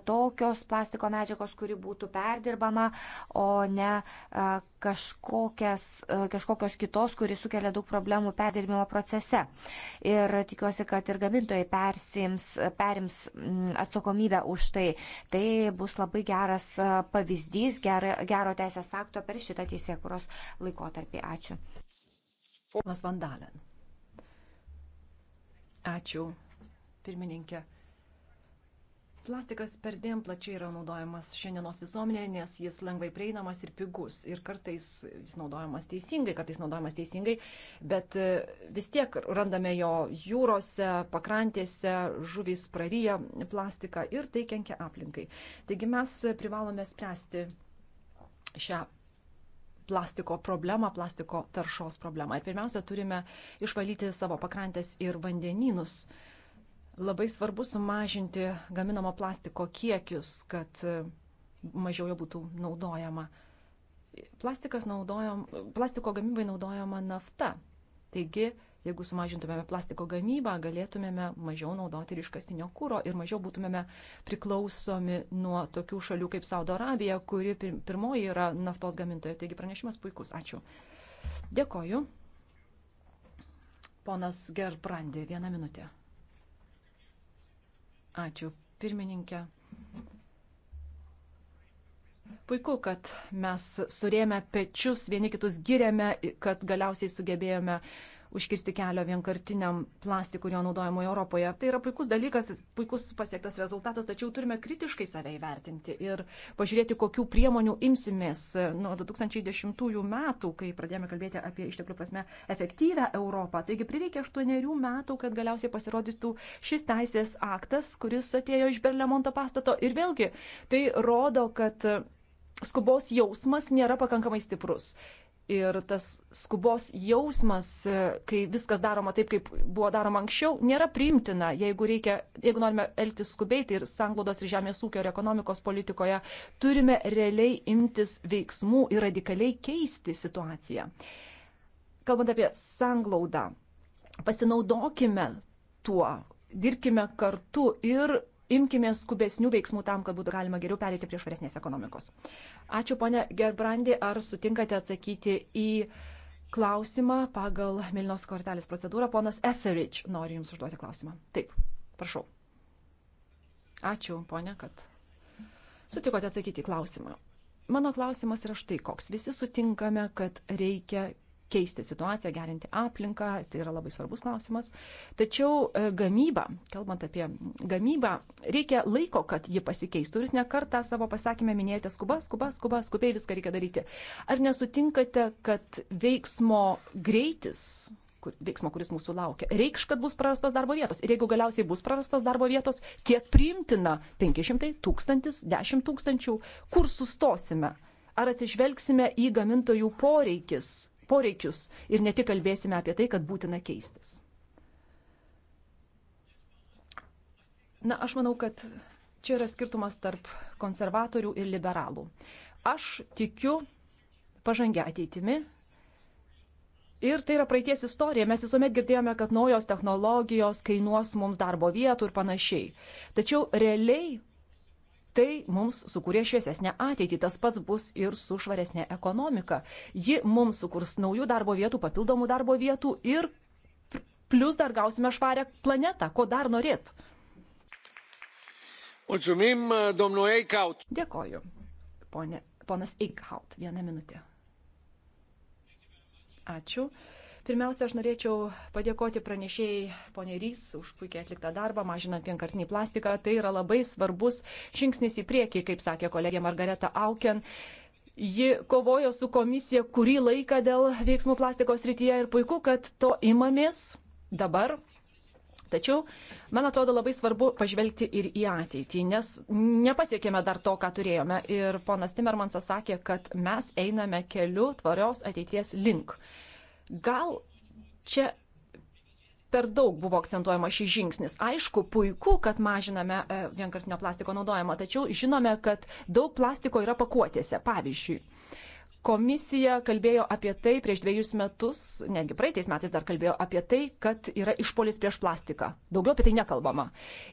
tokios plastiko medžiagos, kuri būtų perdirbama, o ne kažkokios kitos, kuri sukelia daug problemų perdirbimo procese. Ir tikiuosi, kad ir gamintojai persims, perims mm, atsakomybę už tai. Tai bus labai geras e, pavyzdys gero, gero teisės akto per šitą teisėkuros laikotarpį. Ačiū. Ponas Vandalen. Ačiū, pirmininkė. Plastikas perdėm plačiai yra naudojamas šiandienos visuomenėje, nes jis lengvai prieinamas ir pigus. Ir kartais jis naudojamas teisingai, kartais naudojamas teisingai, bet e, vis tiek randame jo jūrose, pakrantėse, žuvys praryja plastiką ir tai kenkia aplinkai. Taigi mes privalome spręsti šią plastiko problemą, plastiko taršos problemą. Ir pirmiausia, turime išvalyti savo pakrantės ir vandenynus. Uh, Labai svarbu sumažinti gaminamo plastiko kiekius, kad e, mažiau jo būtų naudojama. Plastikas naudojam, plastiko gamybai naudojama nafta. Taigi, jeigu sumažintumėme plastiko gamybą, galėtumėme mažiau naudoti iškastinio kūro ir mažiau būtumėme priklausomi nuo tokių šalių kaip Saudo Arabija, kuri pirmoji yra naftos gamintoja. Taigi pranešimas puikus. Ačiū. Dėkoju. Ponas Gerbrandi, vieną minutę. Ačiū, pirmininkė. Puiku, kad mes surėmę pečius, vieni kitus giriame, kad galiausiai sugebėjome užkirsti kelio vienkartiniam plastikui ir jo naudojimui Europoje. Tai yra puikus dalykas, puikus pasiektas rezultatas, tačiau turime kritiškai save įvertinti ir pažiūrėti, kokių priemonių imsimės nuo 2010 metų, kai pradėjome kalbėti apie išteklių prasme efektyvę Europą. Taigi prireikė aštuonerių metų, kad galiausiai pasirodytų šis teisės aktas, kuris atėjo iš Berlemonto pastato. Ir vėlgi, tai rodo, kad skubos jausmas nėra pakankamai stiprus ir tas skubos jausmas, e, kai viskas daroma taip, kaip buvo daroma anksčiau, nėra priimtina. Jeigu, reikia, jeigu norime elgtis skubiai, tai ir sanglodos ir žemės ūkio ir ekonomikos politikoje turime realiai imtis veiksmų ir radikaliai keisti situaciją. Kalbant apie sanglaudą, pasinaudokime tuo, dirbkime kartu ir imkime skubesnių veiksmų tam, kad būtų galima geriau perėti prie švaresnės ekonomikos. Ačiū, ponė Gerbrandi, ar sutinkate atsakyti į klausimą pagal Milnos kortelės procedūrą? Ponas Etheridge nori Jums užduoti klausimą. Taip, prašau. Ačiū, ponė, kad sutikote atsakyti į klausimą. Mano klausimas yra štai koks. Visi sutinkame, kad reikia keisti situaciją, gerinti aplinką, tai yra labai svarbus klausimas. Tačiau e, gamyba, kalbant apie gamybą, reikia laiko, kad ji pasikeistų. Jūs nekartą savo pasakymę minėjote skubas, skubas, skubas, skubiai viską reikia daryti. Ar nesutinkate, kad veiksmo greitis kur, veiksmo, kuris mūsų laukia. Reikš, kad bus prarastos darbo vietos. Ir jeigu galiausiai bus prarastos darbo vietos, kiek priimtina 500, 1000, 10 tūkstančių, kur sustosime? Ar atsižvelgsime į gamintojų poreikis? poreikius ir ne tik kalbėsime apie tai, kad būtina keistis. Na, aš manau, kad čia yra skirtumas tarp konservatorių ir liberalų. Aš tikiu pažangę ateitimi. Ir tai yra praeities istorija. Mes visuomet girdėjome, kad naujos technologijos kainuos mums darbo vietų ir panašiai. Tačiau realiai Tai mums sukūrė šviesesnę ateitį, tas pats bus ir su švaresnė ekonomika. Ji mums sukurs naujų darbo vietų, papildomų darbo vietų ir plus dar gausime švarę planetą, ko dar norėt. Mulțumim, domnul Eichhout. Dėkoju, ponė, ponas Eichhout. Vieną minutę. Ačiū. Pirmiausia, aš norėčiau padėkoti pranešėjai poniai Rys už puikiai atliktą darbą, mažinant vienkartinį plastiką. Tai yra labai svarbus žingsnis į priekį, kaip sakė kolegė Margareta Auken. Ji kovojo su komisija kurį laiką dėl veiksmų plastikos rytyje ir puiku, kad to imamės dabar. Tačiau, man atrodo, labai svarbu pažvelgti ir į ateitį, nes nepasiekėme dar to, ką turėjome. Ir ponas Timermansas sakė, kad mes einame keliu tvarios ateities link. Uh, Gal čia per daug buvo akcentuojama šis žingsnis. Aišku, puiku, kad mažiname e, vienkartinio plastiko naudojimą, tačiau žinome, kad daug plastiko yra pakuotėse. Pavyzdžiui, Komisija kalbėjo apie tai prieš dviejus metus, negi praeitais metais dar kalbėjo apie tai, kad yra išpolis prieš plastiką. Daugiau apie tai nekalbama.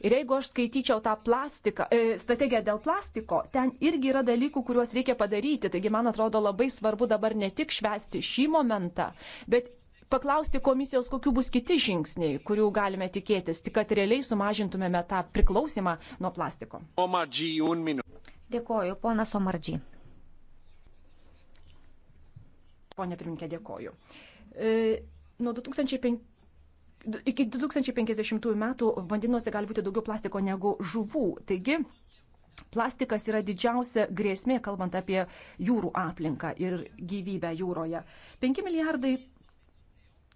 Ir jeigu aš skaityčiau tą plastiką, e, strategiją dėl plastiko, ten irgi yra dalykų, kuriuos reikia padaryti. Taigi, man atrodo, labai svarbu dabar ne tik švesti šį momentą, bet paklausti komisijos, kokiu bus kiti žingsniai, kurių galime tikėtis, tik kad realiai sumažintumėme tą priklausimą nuo plastiko. Dėkoju, ponas Omardžiai. Pone pirminkė, dėkoju. E, nuo 2005 iki 2050 metų vandenuose gali būti daugiau plastiko negu žuvų. Taigi, plastikas yra didžiausia grėsmė, kalbant apie jūrų aplinką ir gyvybę jūroje. 5 milijardai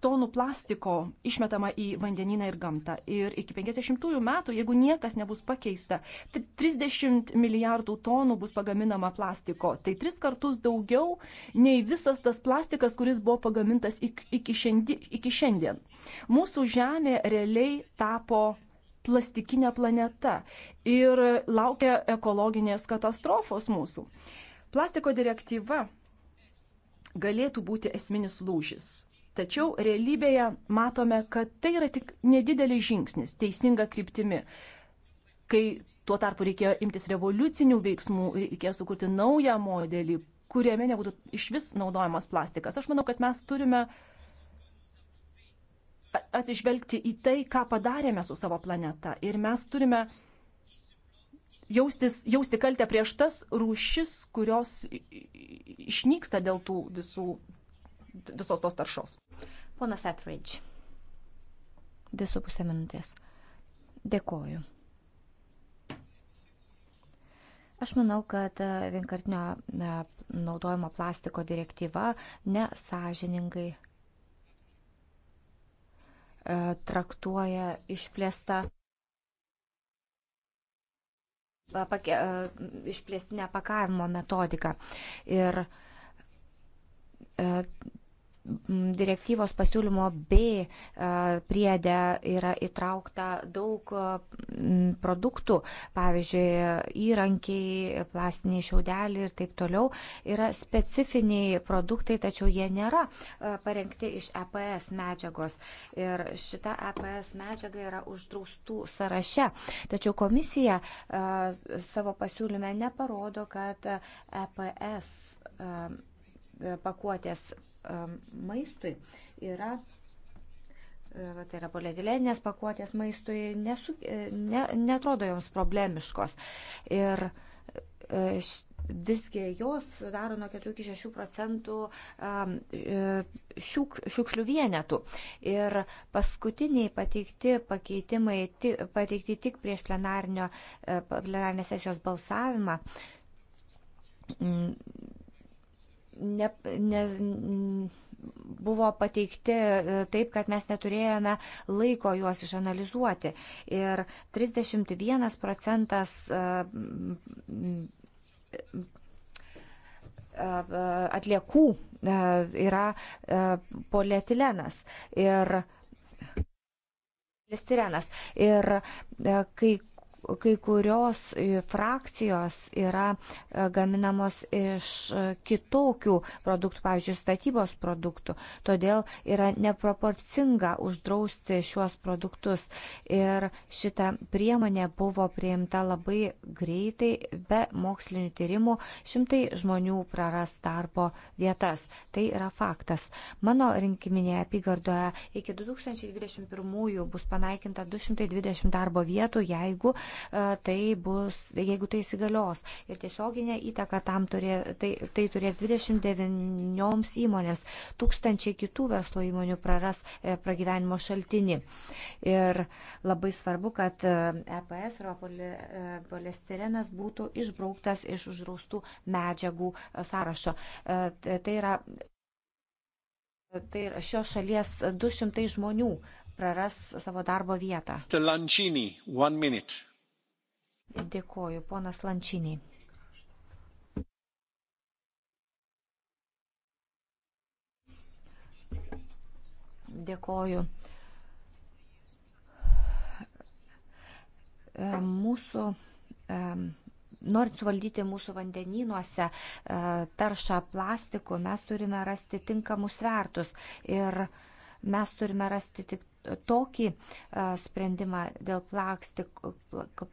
tonų plastiko išmetama į vandenyną ir gamtą. Ir iki 50 metų, jeigu niekas nebus pakeista, 30 milijardų tonų bus pagaminama plastiko. Tai tris kartus daugiau nei visas tas plastikas, kuris buvo pagamintas iki, šiandie, iki šiandien. Mūsų Žemė realiai tapo plastikinė planeta ir laukia ekologinės katastrofos mūsų. Plastiko direktyva galėtų būti esminis lūžis Tačiau realybėje matome, kad tai yra tik nedidelis žingsnis teisinga kryptimi. Kai tuo tarpu reikėjo imtis revoliucinių veiksmų, reikėjo sukurti naują modelį, kuriame nebūtų iš vis naudojamas plastikas. Aš manau, kad mes turime atsižvelgti į tai, ką padarėme su savo planeta. Ir mes turime jaustis, jausti kaltę prieš tas rūšis, kurios išnyksta dėl tų visų visos tos taršos. Ponas Atridge. Dvi su pusė minutės. Dėkoju. Aš manau, kad e, vienkartinio e, naudojimo plastiko direktyva nesažiningai e, traktuoja išplėstą pake, išplėstinę pakavimo metodiką. Ir direktyvos pasiūlymo B e, priedę yra įtraukta daug e, produktų, pavyzdžiui, įrankiai, plastiniai šiaudeliai ir taip toliau. Yra specifiniai produktai, tačiau jie nėra e, parengti iš EPS medžiagos. Ir šita EPS medžiaga yra uždraustų sąraše. Tačiau komisija savo pasiūlyme neparodo, kad EPS pakuotės Um, maistui yra uh, tai yra polietileninės pakuotės maistui, nesu, uh, ne, netrodo joms problemiškos. Ir uh, visgi jos sudaro nuo 4 iki 6 procentų um, šiuk, šiukšlių vienetų. Ir paskutiniai pateikti pakeitimai, pateikti tik prieš plenarinės sesijos balsavimą, mm, ne, ne, buvo pateikti e, taip, kad mes neturėjome laiko juos išanalizuoti. Ir 31 procentas e, e, atliekų yra polietilenas ir listirenas. Ir kai kai kurios e, frakcijos yra e, gaminamos iš e, kitokių produktų, pavyzdžiui, statybos produktų. Todėl yra neproporcinga uždrausti šiuos produktus. Ir šita priemonė buvo priimta labai greitai, be mokslinių tyrimų. Šimtai žmonių praras darbo vietas. Tai yra faktas. Mano rinkiminėje apygardoje iki 2021 bus panaikinta 220 darbo vietų, jeigu E, tai bus, jeigu tai įsigalios. Ir tiesioginė įtaka tam turė, tai, tai turės 29 įmonėms. Tūkstančiai kitų verslo įmonių praras e, pragyvenimo šaltinį. Ir labai svarbu, kad EPS, e polistirenas, būtų išbrauktas iš uždraustų medžiagų sąrašo. Tai yra Tai šios šalies 200 žmonių praras savo darbo vietą. Lancini, one minute. Dėkoju, ponas Lančiniai. Dėkoju. E, mūsų e, norint suvaldyti mūsų vandenynuose e, taršą plastiku, mes turime rasti tinkamus svertus. Ir mes turime rasti tik tokį sprendimą dėl plastiko,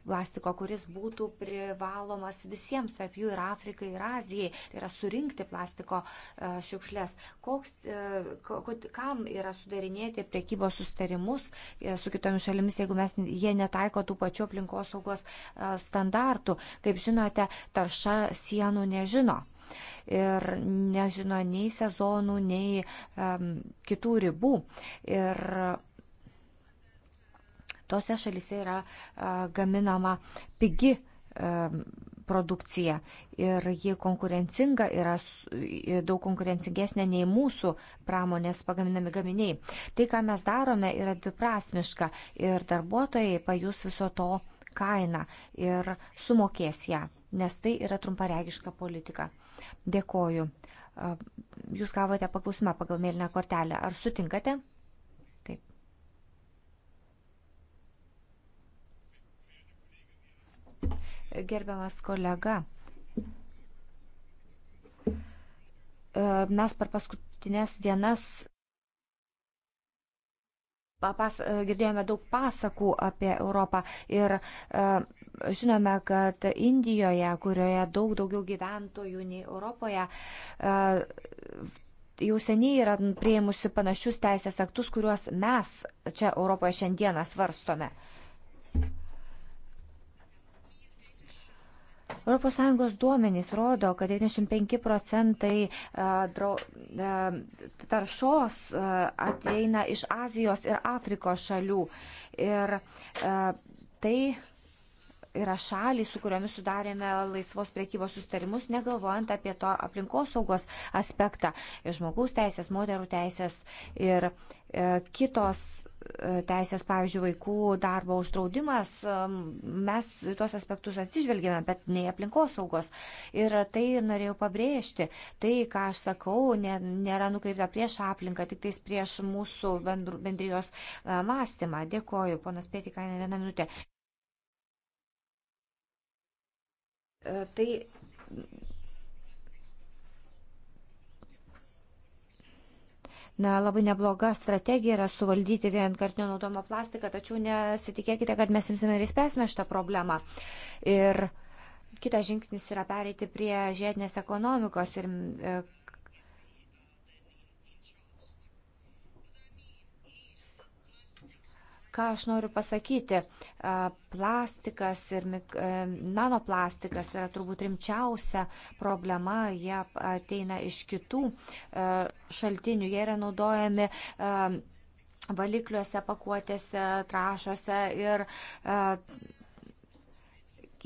plastiko, kuris būtų privalomas visiems, tarp jų ir Afrikai, ir Azijai, tai yra surinkti plastiko šiukšlės. Koks, kam yra sudarinėti priekybos sustarimus e, su kitomis šalimis, jeigu mes, jie netaiko tų pačių aplinkosaugos standartų. Kaip žinote, tarša sienų nežino ir nežino nei sezonų, nei um, kitų ribų. Ir uh, Tose šalise yra gaminama pigi produkcija ir ji konkurencinga yra daug konkurencingesnė nei mūsų pramonės pagaminami gaminiai. Tai, ką mes darome, yra dviprasmiška ir darbuotojai pajus viso to kainą ir sumokės ją, nes tai yra trumparegiška politika. Dėkoju. Jūs gavote paklausimą pagal mėlyną kortelę. Ar sutinkate? Gerbiamas kolega, e, mes per paskutinės dienas papas, e, girdėjome daug pasakų apie Europą ir e, žinome, kad Indijoje, kurioje daug daugiau gyventojų nei Europoje, jau seniai yra prieimusi panašius teisės aktus, kuriuos mes čia Europoje šiandieną svarstome. ES duomenys rodo, kad 95 procentai e, e, taršos e, ateina iš Azijos ir Afrikos šalių. Ir tai yra šalys, su kuriomis sudarėme laisvos priekybos sustarimus, negalvojant apie to aplinkosaugos aspektą - žmogaus teisės, moterų teisės ir E, kitos e, teisės, pavyzdžiui, vaikų darbo uždraudimas, e, mes tuos aspektus atsižvelgėme, bet nei aplinkos saugos. Ir tai norėjau pabrėžti. Tai, ką aš sakau, nėra nukreipta prieš aplinką, tik tais prieš mūsų bendrijos mąstymą. Dėkoju, ponas Pietikainė, vieną minutę. Tai Na, labai nebloga strategija yra suvaldyti vienkartinio naudojimo plastiką, tačiau nesitikėkite, kad mes imsime ir įspręsime šitą problemą. Ir kitas žingsnis yra pereiti prie žiedinės ekonomikos ir e, Ką aš noriu pasakyti? Plastikas ir e, nanoplastikas yra turbūt rimčiausia problema. Jie ateina iš kitų e, šaltinių. Jie yra naudojami e, valikliuose, pakuotėse, trašose ir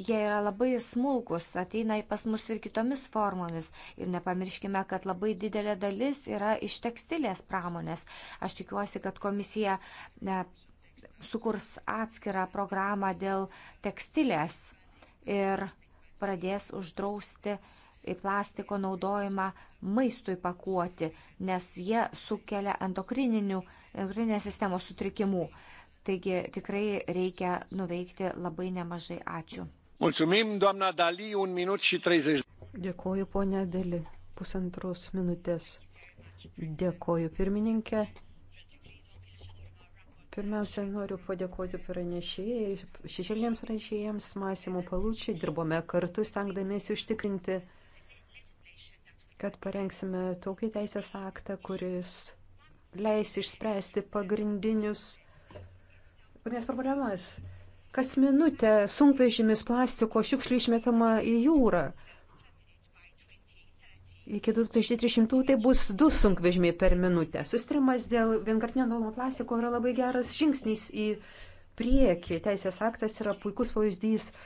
jie yra labai smulkus, ateina pas mus ir kitomis formomis. Ir nepamirškime, kad labai didelė dalis yra iš tekstilės pramonės. Aš tikiuosi, kad komisija sukurs atskirą programą dėl tekstilės ir pradės uždrausti plastiko naudojimą maistui pakuoti, nes jie sukelia endokrininės sistemos sutrikimų. Taigi tikrai reikia nuveikti labai nemažai. Ačiū. Mulțumim, doamna Dali, un minut și 30. Dėkoju, ponia Dali, pusantros minutės. Dėkoju, pirmininkė. Pirmiausia, noriu padėkoti pranešėjai, šešėlėms pranešėjams, Masimo Palūčiai, dirbome kartu, stengdamiesi užtikrinti, kad parengsime tokį teisės aktą, kuris leis išspręsti pagrindinius, nes problemas, kas minutę sunkvežimis plastiko šiukšlį išmetama į jūrą. Iki 2300 tai bus du sunkvežimiai per minutę. Sustrimas dėl vienkartinio naudomo plastiko yra labai geras žingsnis į priekį. Teisės aktas yra puikus pavyzdys e,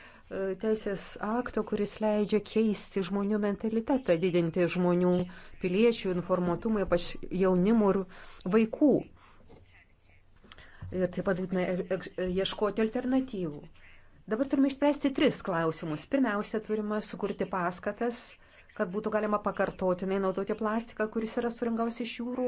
teisės akto, kuris leidžia keisti žmonių mentalitetą, didinti žmonių piliečių informuotumą, ypač jaunimų ir vaikų. Ir taip pat būtina e, e, ieškoti alternatyvų. Dabar turime išspręsti tris klausimus. Pirmiausia, turime sukurti paskatas kad būtų galima pakartotinai naudoti plastiką, kuris yra surinkamas iš jūrų.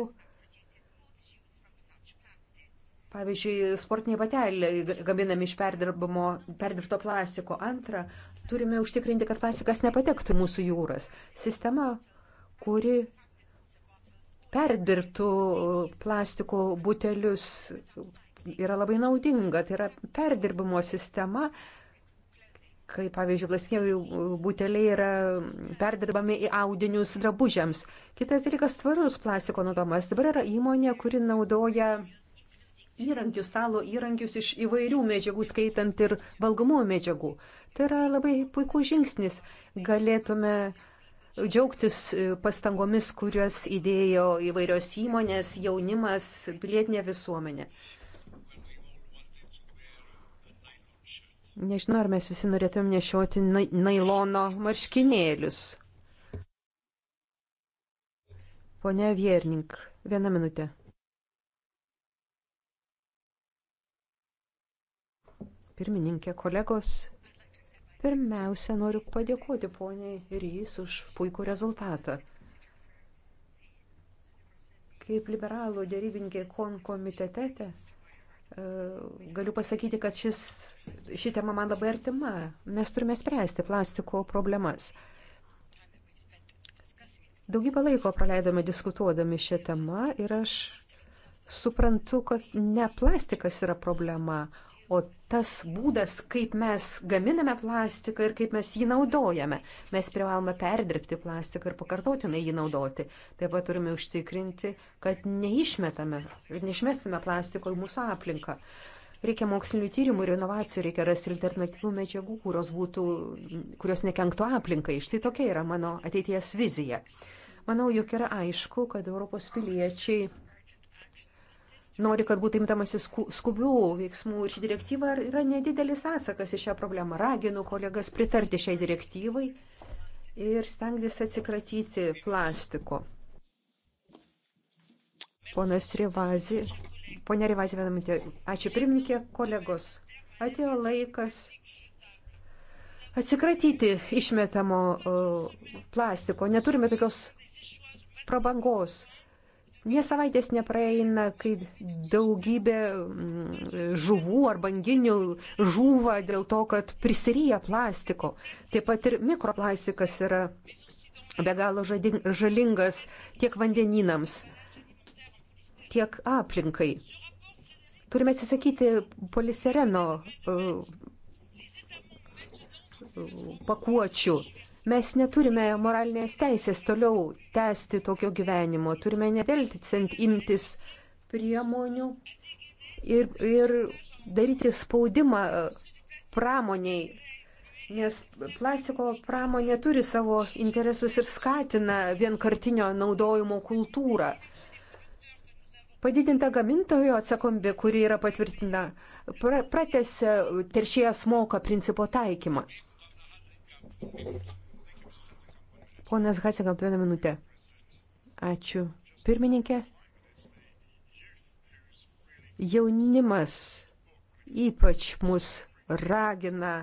Pavyzdžiui, sportiniai bateliai gaminami iš perdirbto plastiko. Antra, turime užtikrinti, kad plastikas nepatektų į mūsų jūras. Sistema, kuri perdirbtų plastiko butelius, yra labai naudinga. Tai yra perdirbimo sistema, kai, pavyzdžiui, plaskėjų buteliai yra perdirbami į audinius drabužiams. Kitas dalykas - tvarus plastiko naudojimas. Dabar yra įmonė, kuri naudoja įrankius, stalo įrankius iš įvairių medžiagų, skaitant ir valgomų medžiagų. Tai yra labai puikus žingsnis. Galėtume džiaugtis pastangomis, kurias įdėjo įvairios įmonės, jaunimas, pilietinė visuomenė. Nežinau, ar mes visi norėtumėm nešioti nailono marškinėlius. Pone Viernik, vieną minutę. Pirmininkė, kolegos, pirmiausia, noriu padėkoti poniai Rys už puikų rezultatą. Kaip liberalų dėrybininkė kon komitetete, E, galiu pasakyti, kad šis, ši tema man labai artima. Mes turime spręsti plastiko problemas. Daugybę laiko praleidome diskutuodami šią temą ir aš suprantu, kad ne plastikas yra problema, O tas būdas, kaip mes gaminame plastiką ir kaip mes jį naudojame, mes privalome perdirbti plastiką ir pakartotinai jį naudoti. Taip pat turime užtikrinti, kad neišmetame, neišmestame plastiko į mūsų aplinką. Reikia mokslinių tyrimų ir inovacijų, reikia rasti alternatyvių medžiagų, kurios, būtų, kurios nekenktų aplinkai. Štai tokia yra mano ateities vizija. Manau, jog yra aišku, kad Europos piliečiai nori, kad būtų imtamasi skubių veiksmų ir ši direktyva yra nedidelis atsakas į šią problemą. Raginu kolegas pritarti šiai direktyvai ir stengtis atsikratyti plastiko. Ponas Rivazi, ponė Rivazi, vieną minutę. Ačiū pirmininkė, kolegos. Atėjo laikas atsikratyti išmetamo plastiko. Neturime tokios prabangos. Nė savaitės nepraeina, kai daugybė mm, žuvų ar banginių žūva dėl to, kad prisiryja plastiko. Taip pat ir mikroplastikas yra be galo žalingas tiek vandeninams, tiek aplinkai. Turime atsisakyti polisereno uh, uh, pakuočių. Mes neturime moralinės teisės toliau tęsti tokio gyvenimo, turime nedelticent imtis priemonių ir, ir daryti spaudimą e, pramoniai, nes plastiko pramonė turi savo interesus ir skatina vienkartinio naudojimo kultūrą. Padidinta gamintojo atsakomybė, kuri yra patvirtina, pra, pratęsia teršėjas moka principo taikymą. Ponas Hasė, gal vieną minutę. Ačiū. Pirmininkė. Jaunimas ypač mus ragina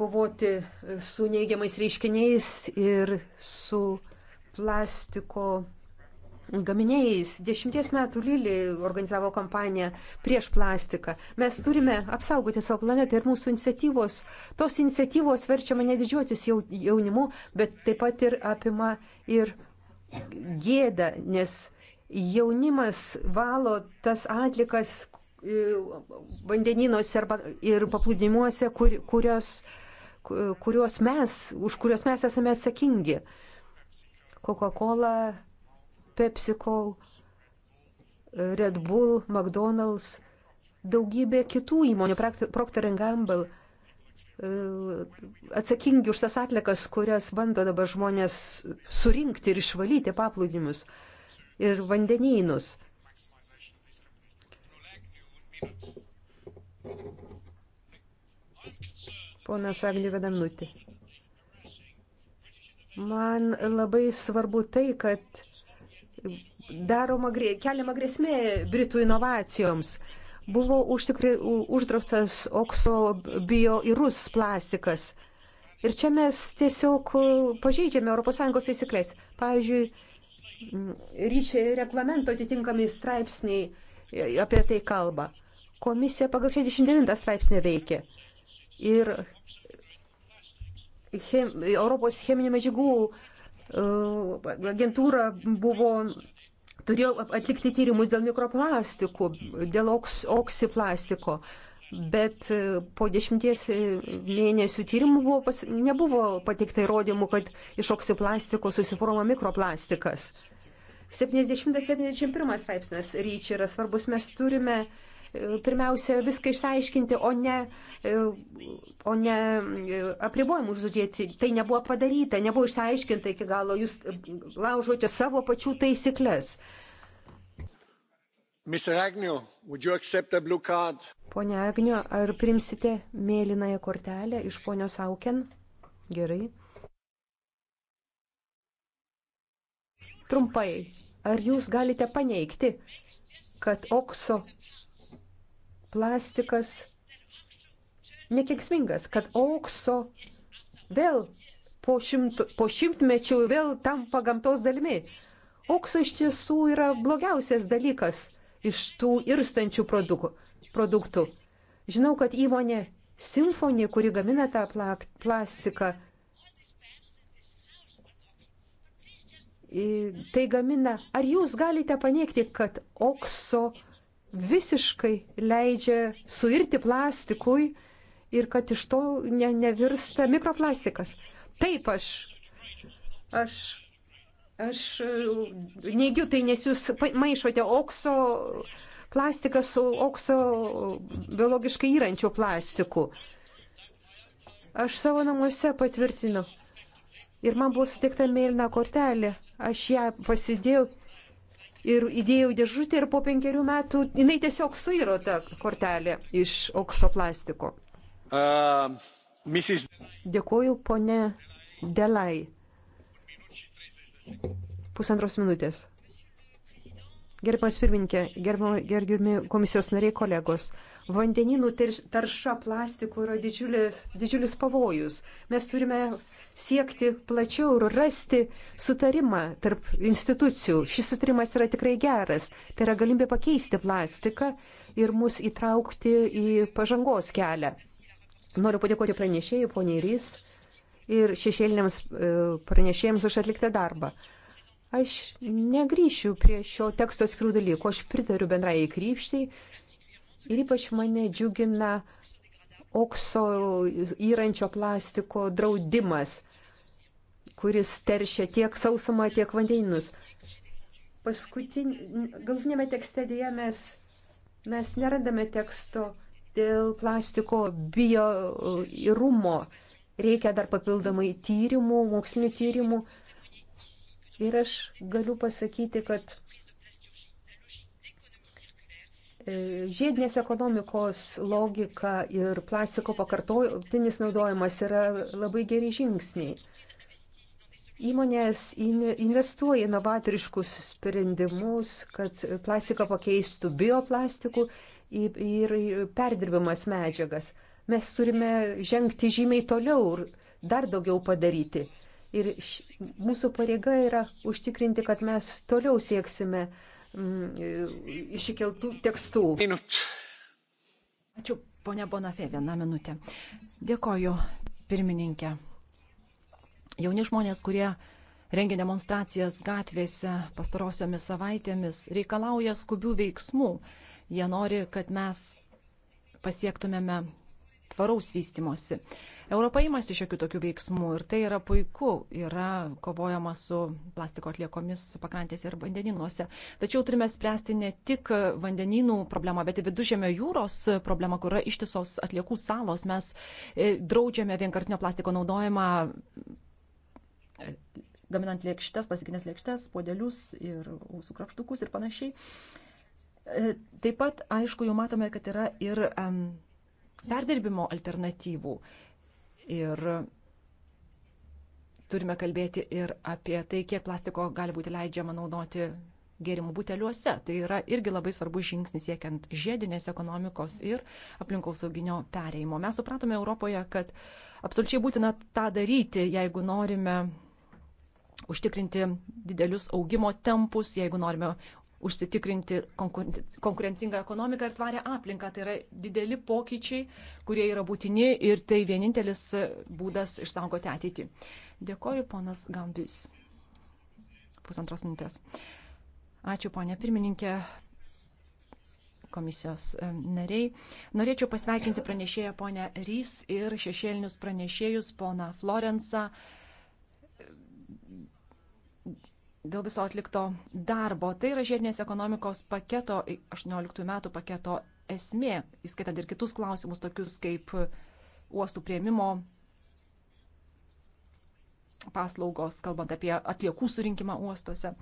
kovoti su neigiamais reiškiniais ir su plastiko gaminiais. Dešimties metų Lili organizavo kampaniją prieš plastiką. Mes turime apsaugoti savo planetą ir mūsų iniciatyvos. Tos iniciatyvos verčia mane didžiuotis jaunimu, bet taip pat ir apima ir gėdą, nes jaunimas valo tas atlikas e, vandeninuose ir paplūdimuose, kur, kurios, kurios mes, už kurios mes esame atsakingi. Coca-Cola PepsiCo, Red Bull, McDonald's, daugybė kitų įmonių, Procter Gamble, e, atsakingi už tas atlikas, kurias bando dabar žmonės surinkti ir išvalyti paplūdimius ir vandenynus. Ponas Agnė Vedamnutė. Man labai svarbu tai, kad daroma, keliama grėsmė Britų inovacijoms. Buvo užtikri, uždraustas okso bio įrus plastikas. Ir čia mes tiesiog pažeidžiame ES taisyklės. Pavyzdžiui, ryčiai reglamento atitinkami straipsniai e, apie tai kalba. Komisija pagal 69 straipsnį veikia. Ir chem, Europos cheminių medžiagų e, agentūra buvo turėjau atlikti tyrimus dėl mikroplastikų, dėl oks, oksiplastiko. Bet e, po dešimties e, mėnesių tyrimų buvo pas, nebuvo patikta įrodymų, kad iš oksiplastiko susiforma mikroplastikas. 70-71 straipsnis ryčiai yra svarbus. Mes turime e, pirmiausia viską išsiaiškinti, o ne, o ne apribojimus žudėti. Tai nebuvo padaryta, nebuvo išsiaiškinta iki galo, jūs laužote savo pačių taisyklės. Agnew, Pone Agnio, ar primsite mėlynąją kortelę iš ponios Auken? Gerai. Trumpai, ar jūs galite paneigti, kad okso plastikas nekenksmingas, kad okso vėl po, šimt, po šimtmečių vėl tampa gamtos dalimi? Okso iš tiesų yra blogiausias dalykas iš tų irstančių produktų. Žinau, kad įmonė Symfony, kuri gamina tą plastiką, tai gamina. Ar jūs galite paneigti, kad okso visiškai leidžia suirti plastikui ir kad iš to ne, nevirsta mikroplastikas? Taip, aš, aš Aš e, neigiu tai, nes jūs maišote okso plastiką su okso biologiškai įrančių plastiku. Aš savo namuose patvirtinu. Ir man buvo sutikta mėlyna kortelė. Aš ją pasidėjau ir įdėjau dėžutę ir po penkerių metų jinai tiesiog suiro ta kortelė iš okso plastiko. Uh, Mrs... Dėkuoju, ponė Delai pusantros minutės. Gerbiamas pirmininkė, gerbiami komisijos nariai, kolegos, vandeninų tarša plastikų yra didžiulis, didžiulis pavojus. Mes turime siekti plačiau ir rasti sutarimą tarp institucijų. Šis sutarimas yra tikrai geras. Tai yra galimybė pakeisti plastiką ir mus įtraukti į pažangos kelią. Noriu padėkoti pranešėjai, poniai Rys ir šešėliniams e, pranešėjams už atliktą darbą. Aš negryšiu prie šio teksto atskirų dalykų, aš pritariu bendrai įkrypštai ir ypač mane džiugina okso įrančio plastiko draudimas, kuris teršia tiek sausumą, tiek vandeninus. Paskutinį, galvinėme tekste dėje mes, mes nerandame teksto dėl plastiko bio įrumo. Uh, reikia dar papildomai tyrimų, mokslinių tyrimų. Ir aš galiu pasakyti, kad e, žiedinės ekonomikos logika ir plastiko pakartotinis naudojimas yra labai geri žingsniai. Įmonės investuoja inovatoriškus sprendimus, kad plastiką pakeistų bioplastikų ir perdirbimas medžiagas mes turime žengti žymiai toliau ir dar daugiau padaryti. Ir mūsų pareiga yra užtikrinti, kad mes toliau sieksime mm, iškeltų tekstų. Minut. Ačiū, ponia Bonafė, vieną minutę. Dėkoju, pirmininkė. Jauni žmonės, kurie rengia demonstracijas gatvėse pastarosiomis savaitėmis, reikalauja skubių veiksmų. Jie nori, kad mes pasiektumėme tvaraus vystimosi. Europa imasi šiokių tokių veiksmų ir tai yra puiku, yra kovojama su plastiko atliekomis pakrantėse ir vandeninuose. Tačiau turime spręsti ne tik vandeninų problemą, bet ir viduržėmio jūros problemą, kur yra ištisos atliekų salos. Mes e, draudžiame vienkartinio plastiko naudojimą e, gaminant lėkštes, plastikinės lėkštes, podelius ir ūsų krapštukus ir panašiai. E, taip pat, aišku, jau matome, kad yra ir um, perdirbimo alternatyvų. Ir turime kalbėti ir apie tai, kiek plastiko gali būti leidžiama naudoti gėrimų buteliuose. Tai yra irgi labai svarbus žingsnis siekiant žiedinės ekonomikos ir aplinkosauginio pereimo. Mes supratome Europoje, kad absoliučiai būtina tą daryti, jeigu norime užtikrinti didelius augimo tempus, jeigu norime užsitikrinti konkurencingą ekonomiką ir tvarę aplinką. Tai yra dideli pokyčiai, kurie yra būtini ir tai vienintelis būdas išsaugoti ateitį. Dėkoju, ponas Gambys. Pusantros minutės. Ačiū, ponė pirmininkė, komisijos e, nariai. Norėčiau pasveikinti pranešėją ponę Rys ir šešėlinius pranešėjus poną Florensą, dėl viso atlikto darbo. Tai yra žiedinės ekonomikos paketo, 18 metų paketo esmė, įskaitant ir kitus klausimus, tokius kaip uostų prieimimo paslaugos, kalbant apie atliekų surinkimą uostuose.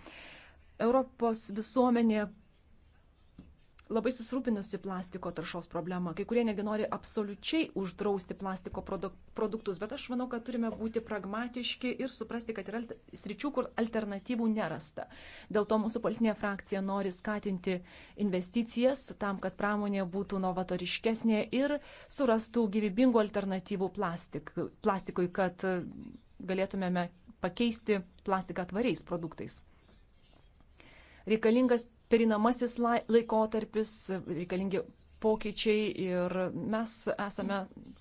Europos visuomenė labai susirūpinusi plastiko taršos problema. Kai kurie negi nori absoliučiai uždrausti plastiko produktus, bet aš manau, kad turime būti pragmatiški ir suprasti, kad yra sričių, kur alternatyvų nerasta. Dėl to mūsų politinė frakcija nori skatinti investicijas tam, kad pramonė būtų novatoriškesnė ir surastų gyvybingų alternatyvų plastik, plastikui, kad galėtumėme pakeisti plastiką tvariais produktais. Reikalingas perinamasis laikotarpis, reikalingi pokyčiai ir mes esame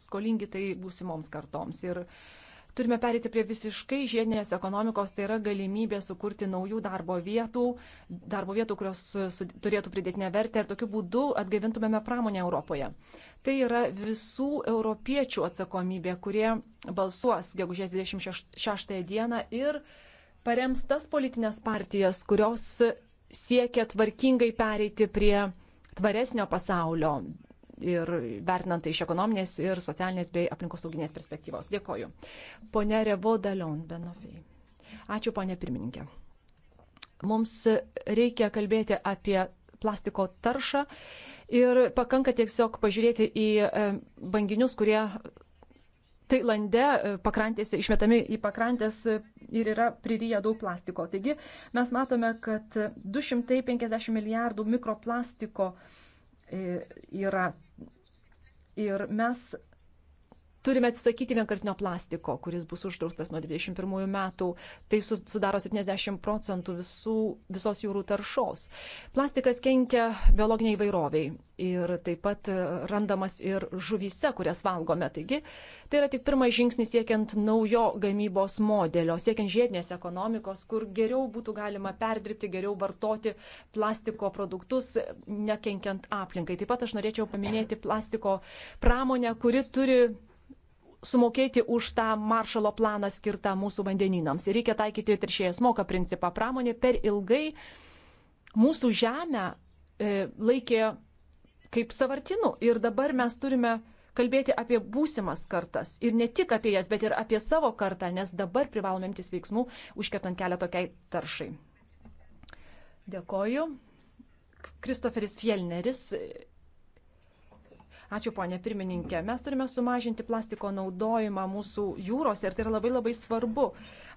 skolingi tai būsimoms kartoms. Ir turime perėti prie visiškai žiedinės ekonomikos, tai yra galimybė sukurti naujų darbo vietų, darbo vietų, kurios su, turėtų pridėtinę vertę ir tokiu būdu atgaivintumėme pramonę Europoje. Tai yra visų europiečių atsakomybė, kurie balsuos gegužės 26 dieną ir parems tas politinės partijas, kurios siekia tvarkingai pereiti prie tvaresnio pasaulio ir vertinant tai iš ekonominės ir socialinės bei aplinkosauginės perspektyvos. Dėkoju. Pone Revo Dalion Benovai. Ačiū, ponė pirmininkė. Mums reikia kalbėti apie plastiko taršą ir pakanka tiesiog pažiūrėti į e, banginius, kurie Tailande e, pakrantėse išmetami į pakrantės e, ir yra priryję daug plastiko. Taigi mes matome, kad 250 milijardų mikroplastiko e, yra. Ir mes Turime atsisakyti vienkartinio plastiko, kuris bus uždraustas nuo 21 metų. Tai sudaro 70 procentų visų, visos jūrų taršos. Plastikas kenkia biologiniai įvairoviai ir taip pat randamas ir žuvyse, kurias valgome. Taigi, tai yra tik pirmas žingsnis siekiant naujo gamybos modelio, siekiant žiedinės ekonomikos, kur geriau būtų galima perdirbti, geriau vartoti plastiko produktus, nekenkiant aplinkai. Taip pat aš norėčiau paminėti plastiko pramonę, kuri turi sumokėti už tą maršalo planą skirtą mūsų vandenynams. Ir reikia taikyti teršėjas moka principą. Pramonė per ilgai mūsų žemę e, laikė kaip savartinu. Ir dabar mes turime kalbėti apie būsimas kartas. Ir ne tik apie jas, bet ir apie savo kartą, nes dabar privalome imtis veiksmų, užkertant kelią tokiai taršai. Dėkoju. Kristoferis Fielneris Ačiū, ponė pirmininkė. Mes turime sumažinti plastiko naudojimą mūsų jūrose ir tai yra labai labai svarbu.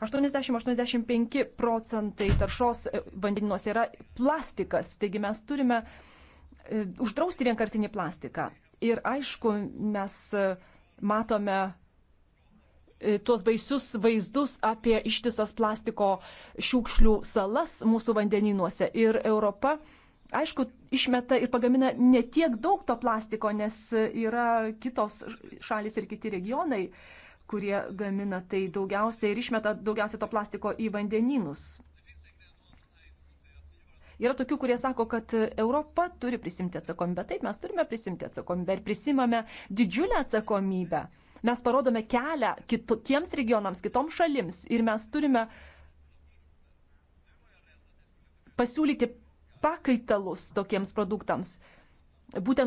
80-85 procentai taršos e, vandeninuose yra plastikas, taigi mes turime e, uždrausti vienkartinį plastiką. Ir aišku, mes e, matome tuos baisius vaizdus apie ištisas plastiko šiukšlių salas mūsų vandeninuose. Ir Europa aišku, išmeta ir pagamina ne tiek daug to plastiko, nes yra kitos šalis ir kiti regionai, kurie gamina tai daugiausiai ir išmeta daugiausiai to plastiko į vandenynus. Yra tokių, kurie sako, kad Europa turi prisimti atsakomybę. Taip, mes turime prisimti atsakomybę ir prisimame didžiulę atsakomybę. Mes parodome kelią kitiems regionams, kitoms šalims ir mes turime pasiūlyti pakaitalus tokiems produktams. Būtent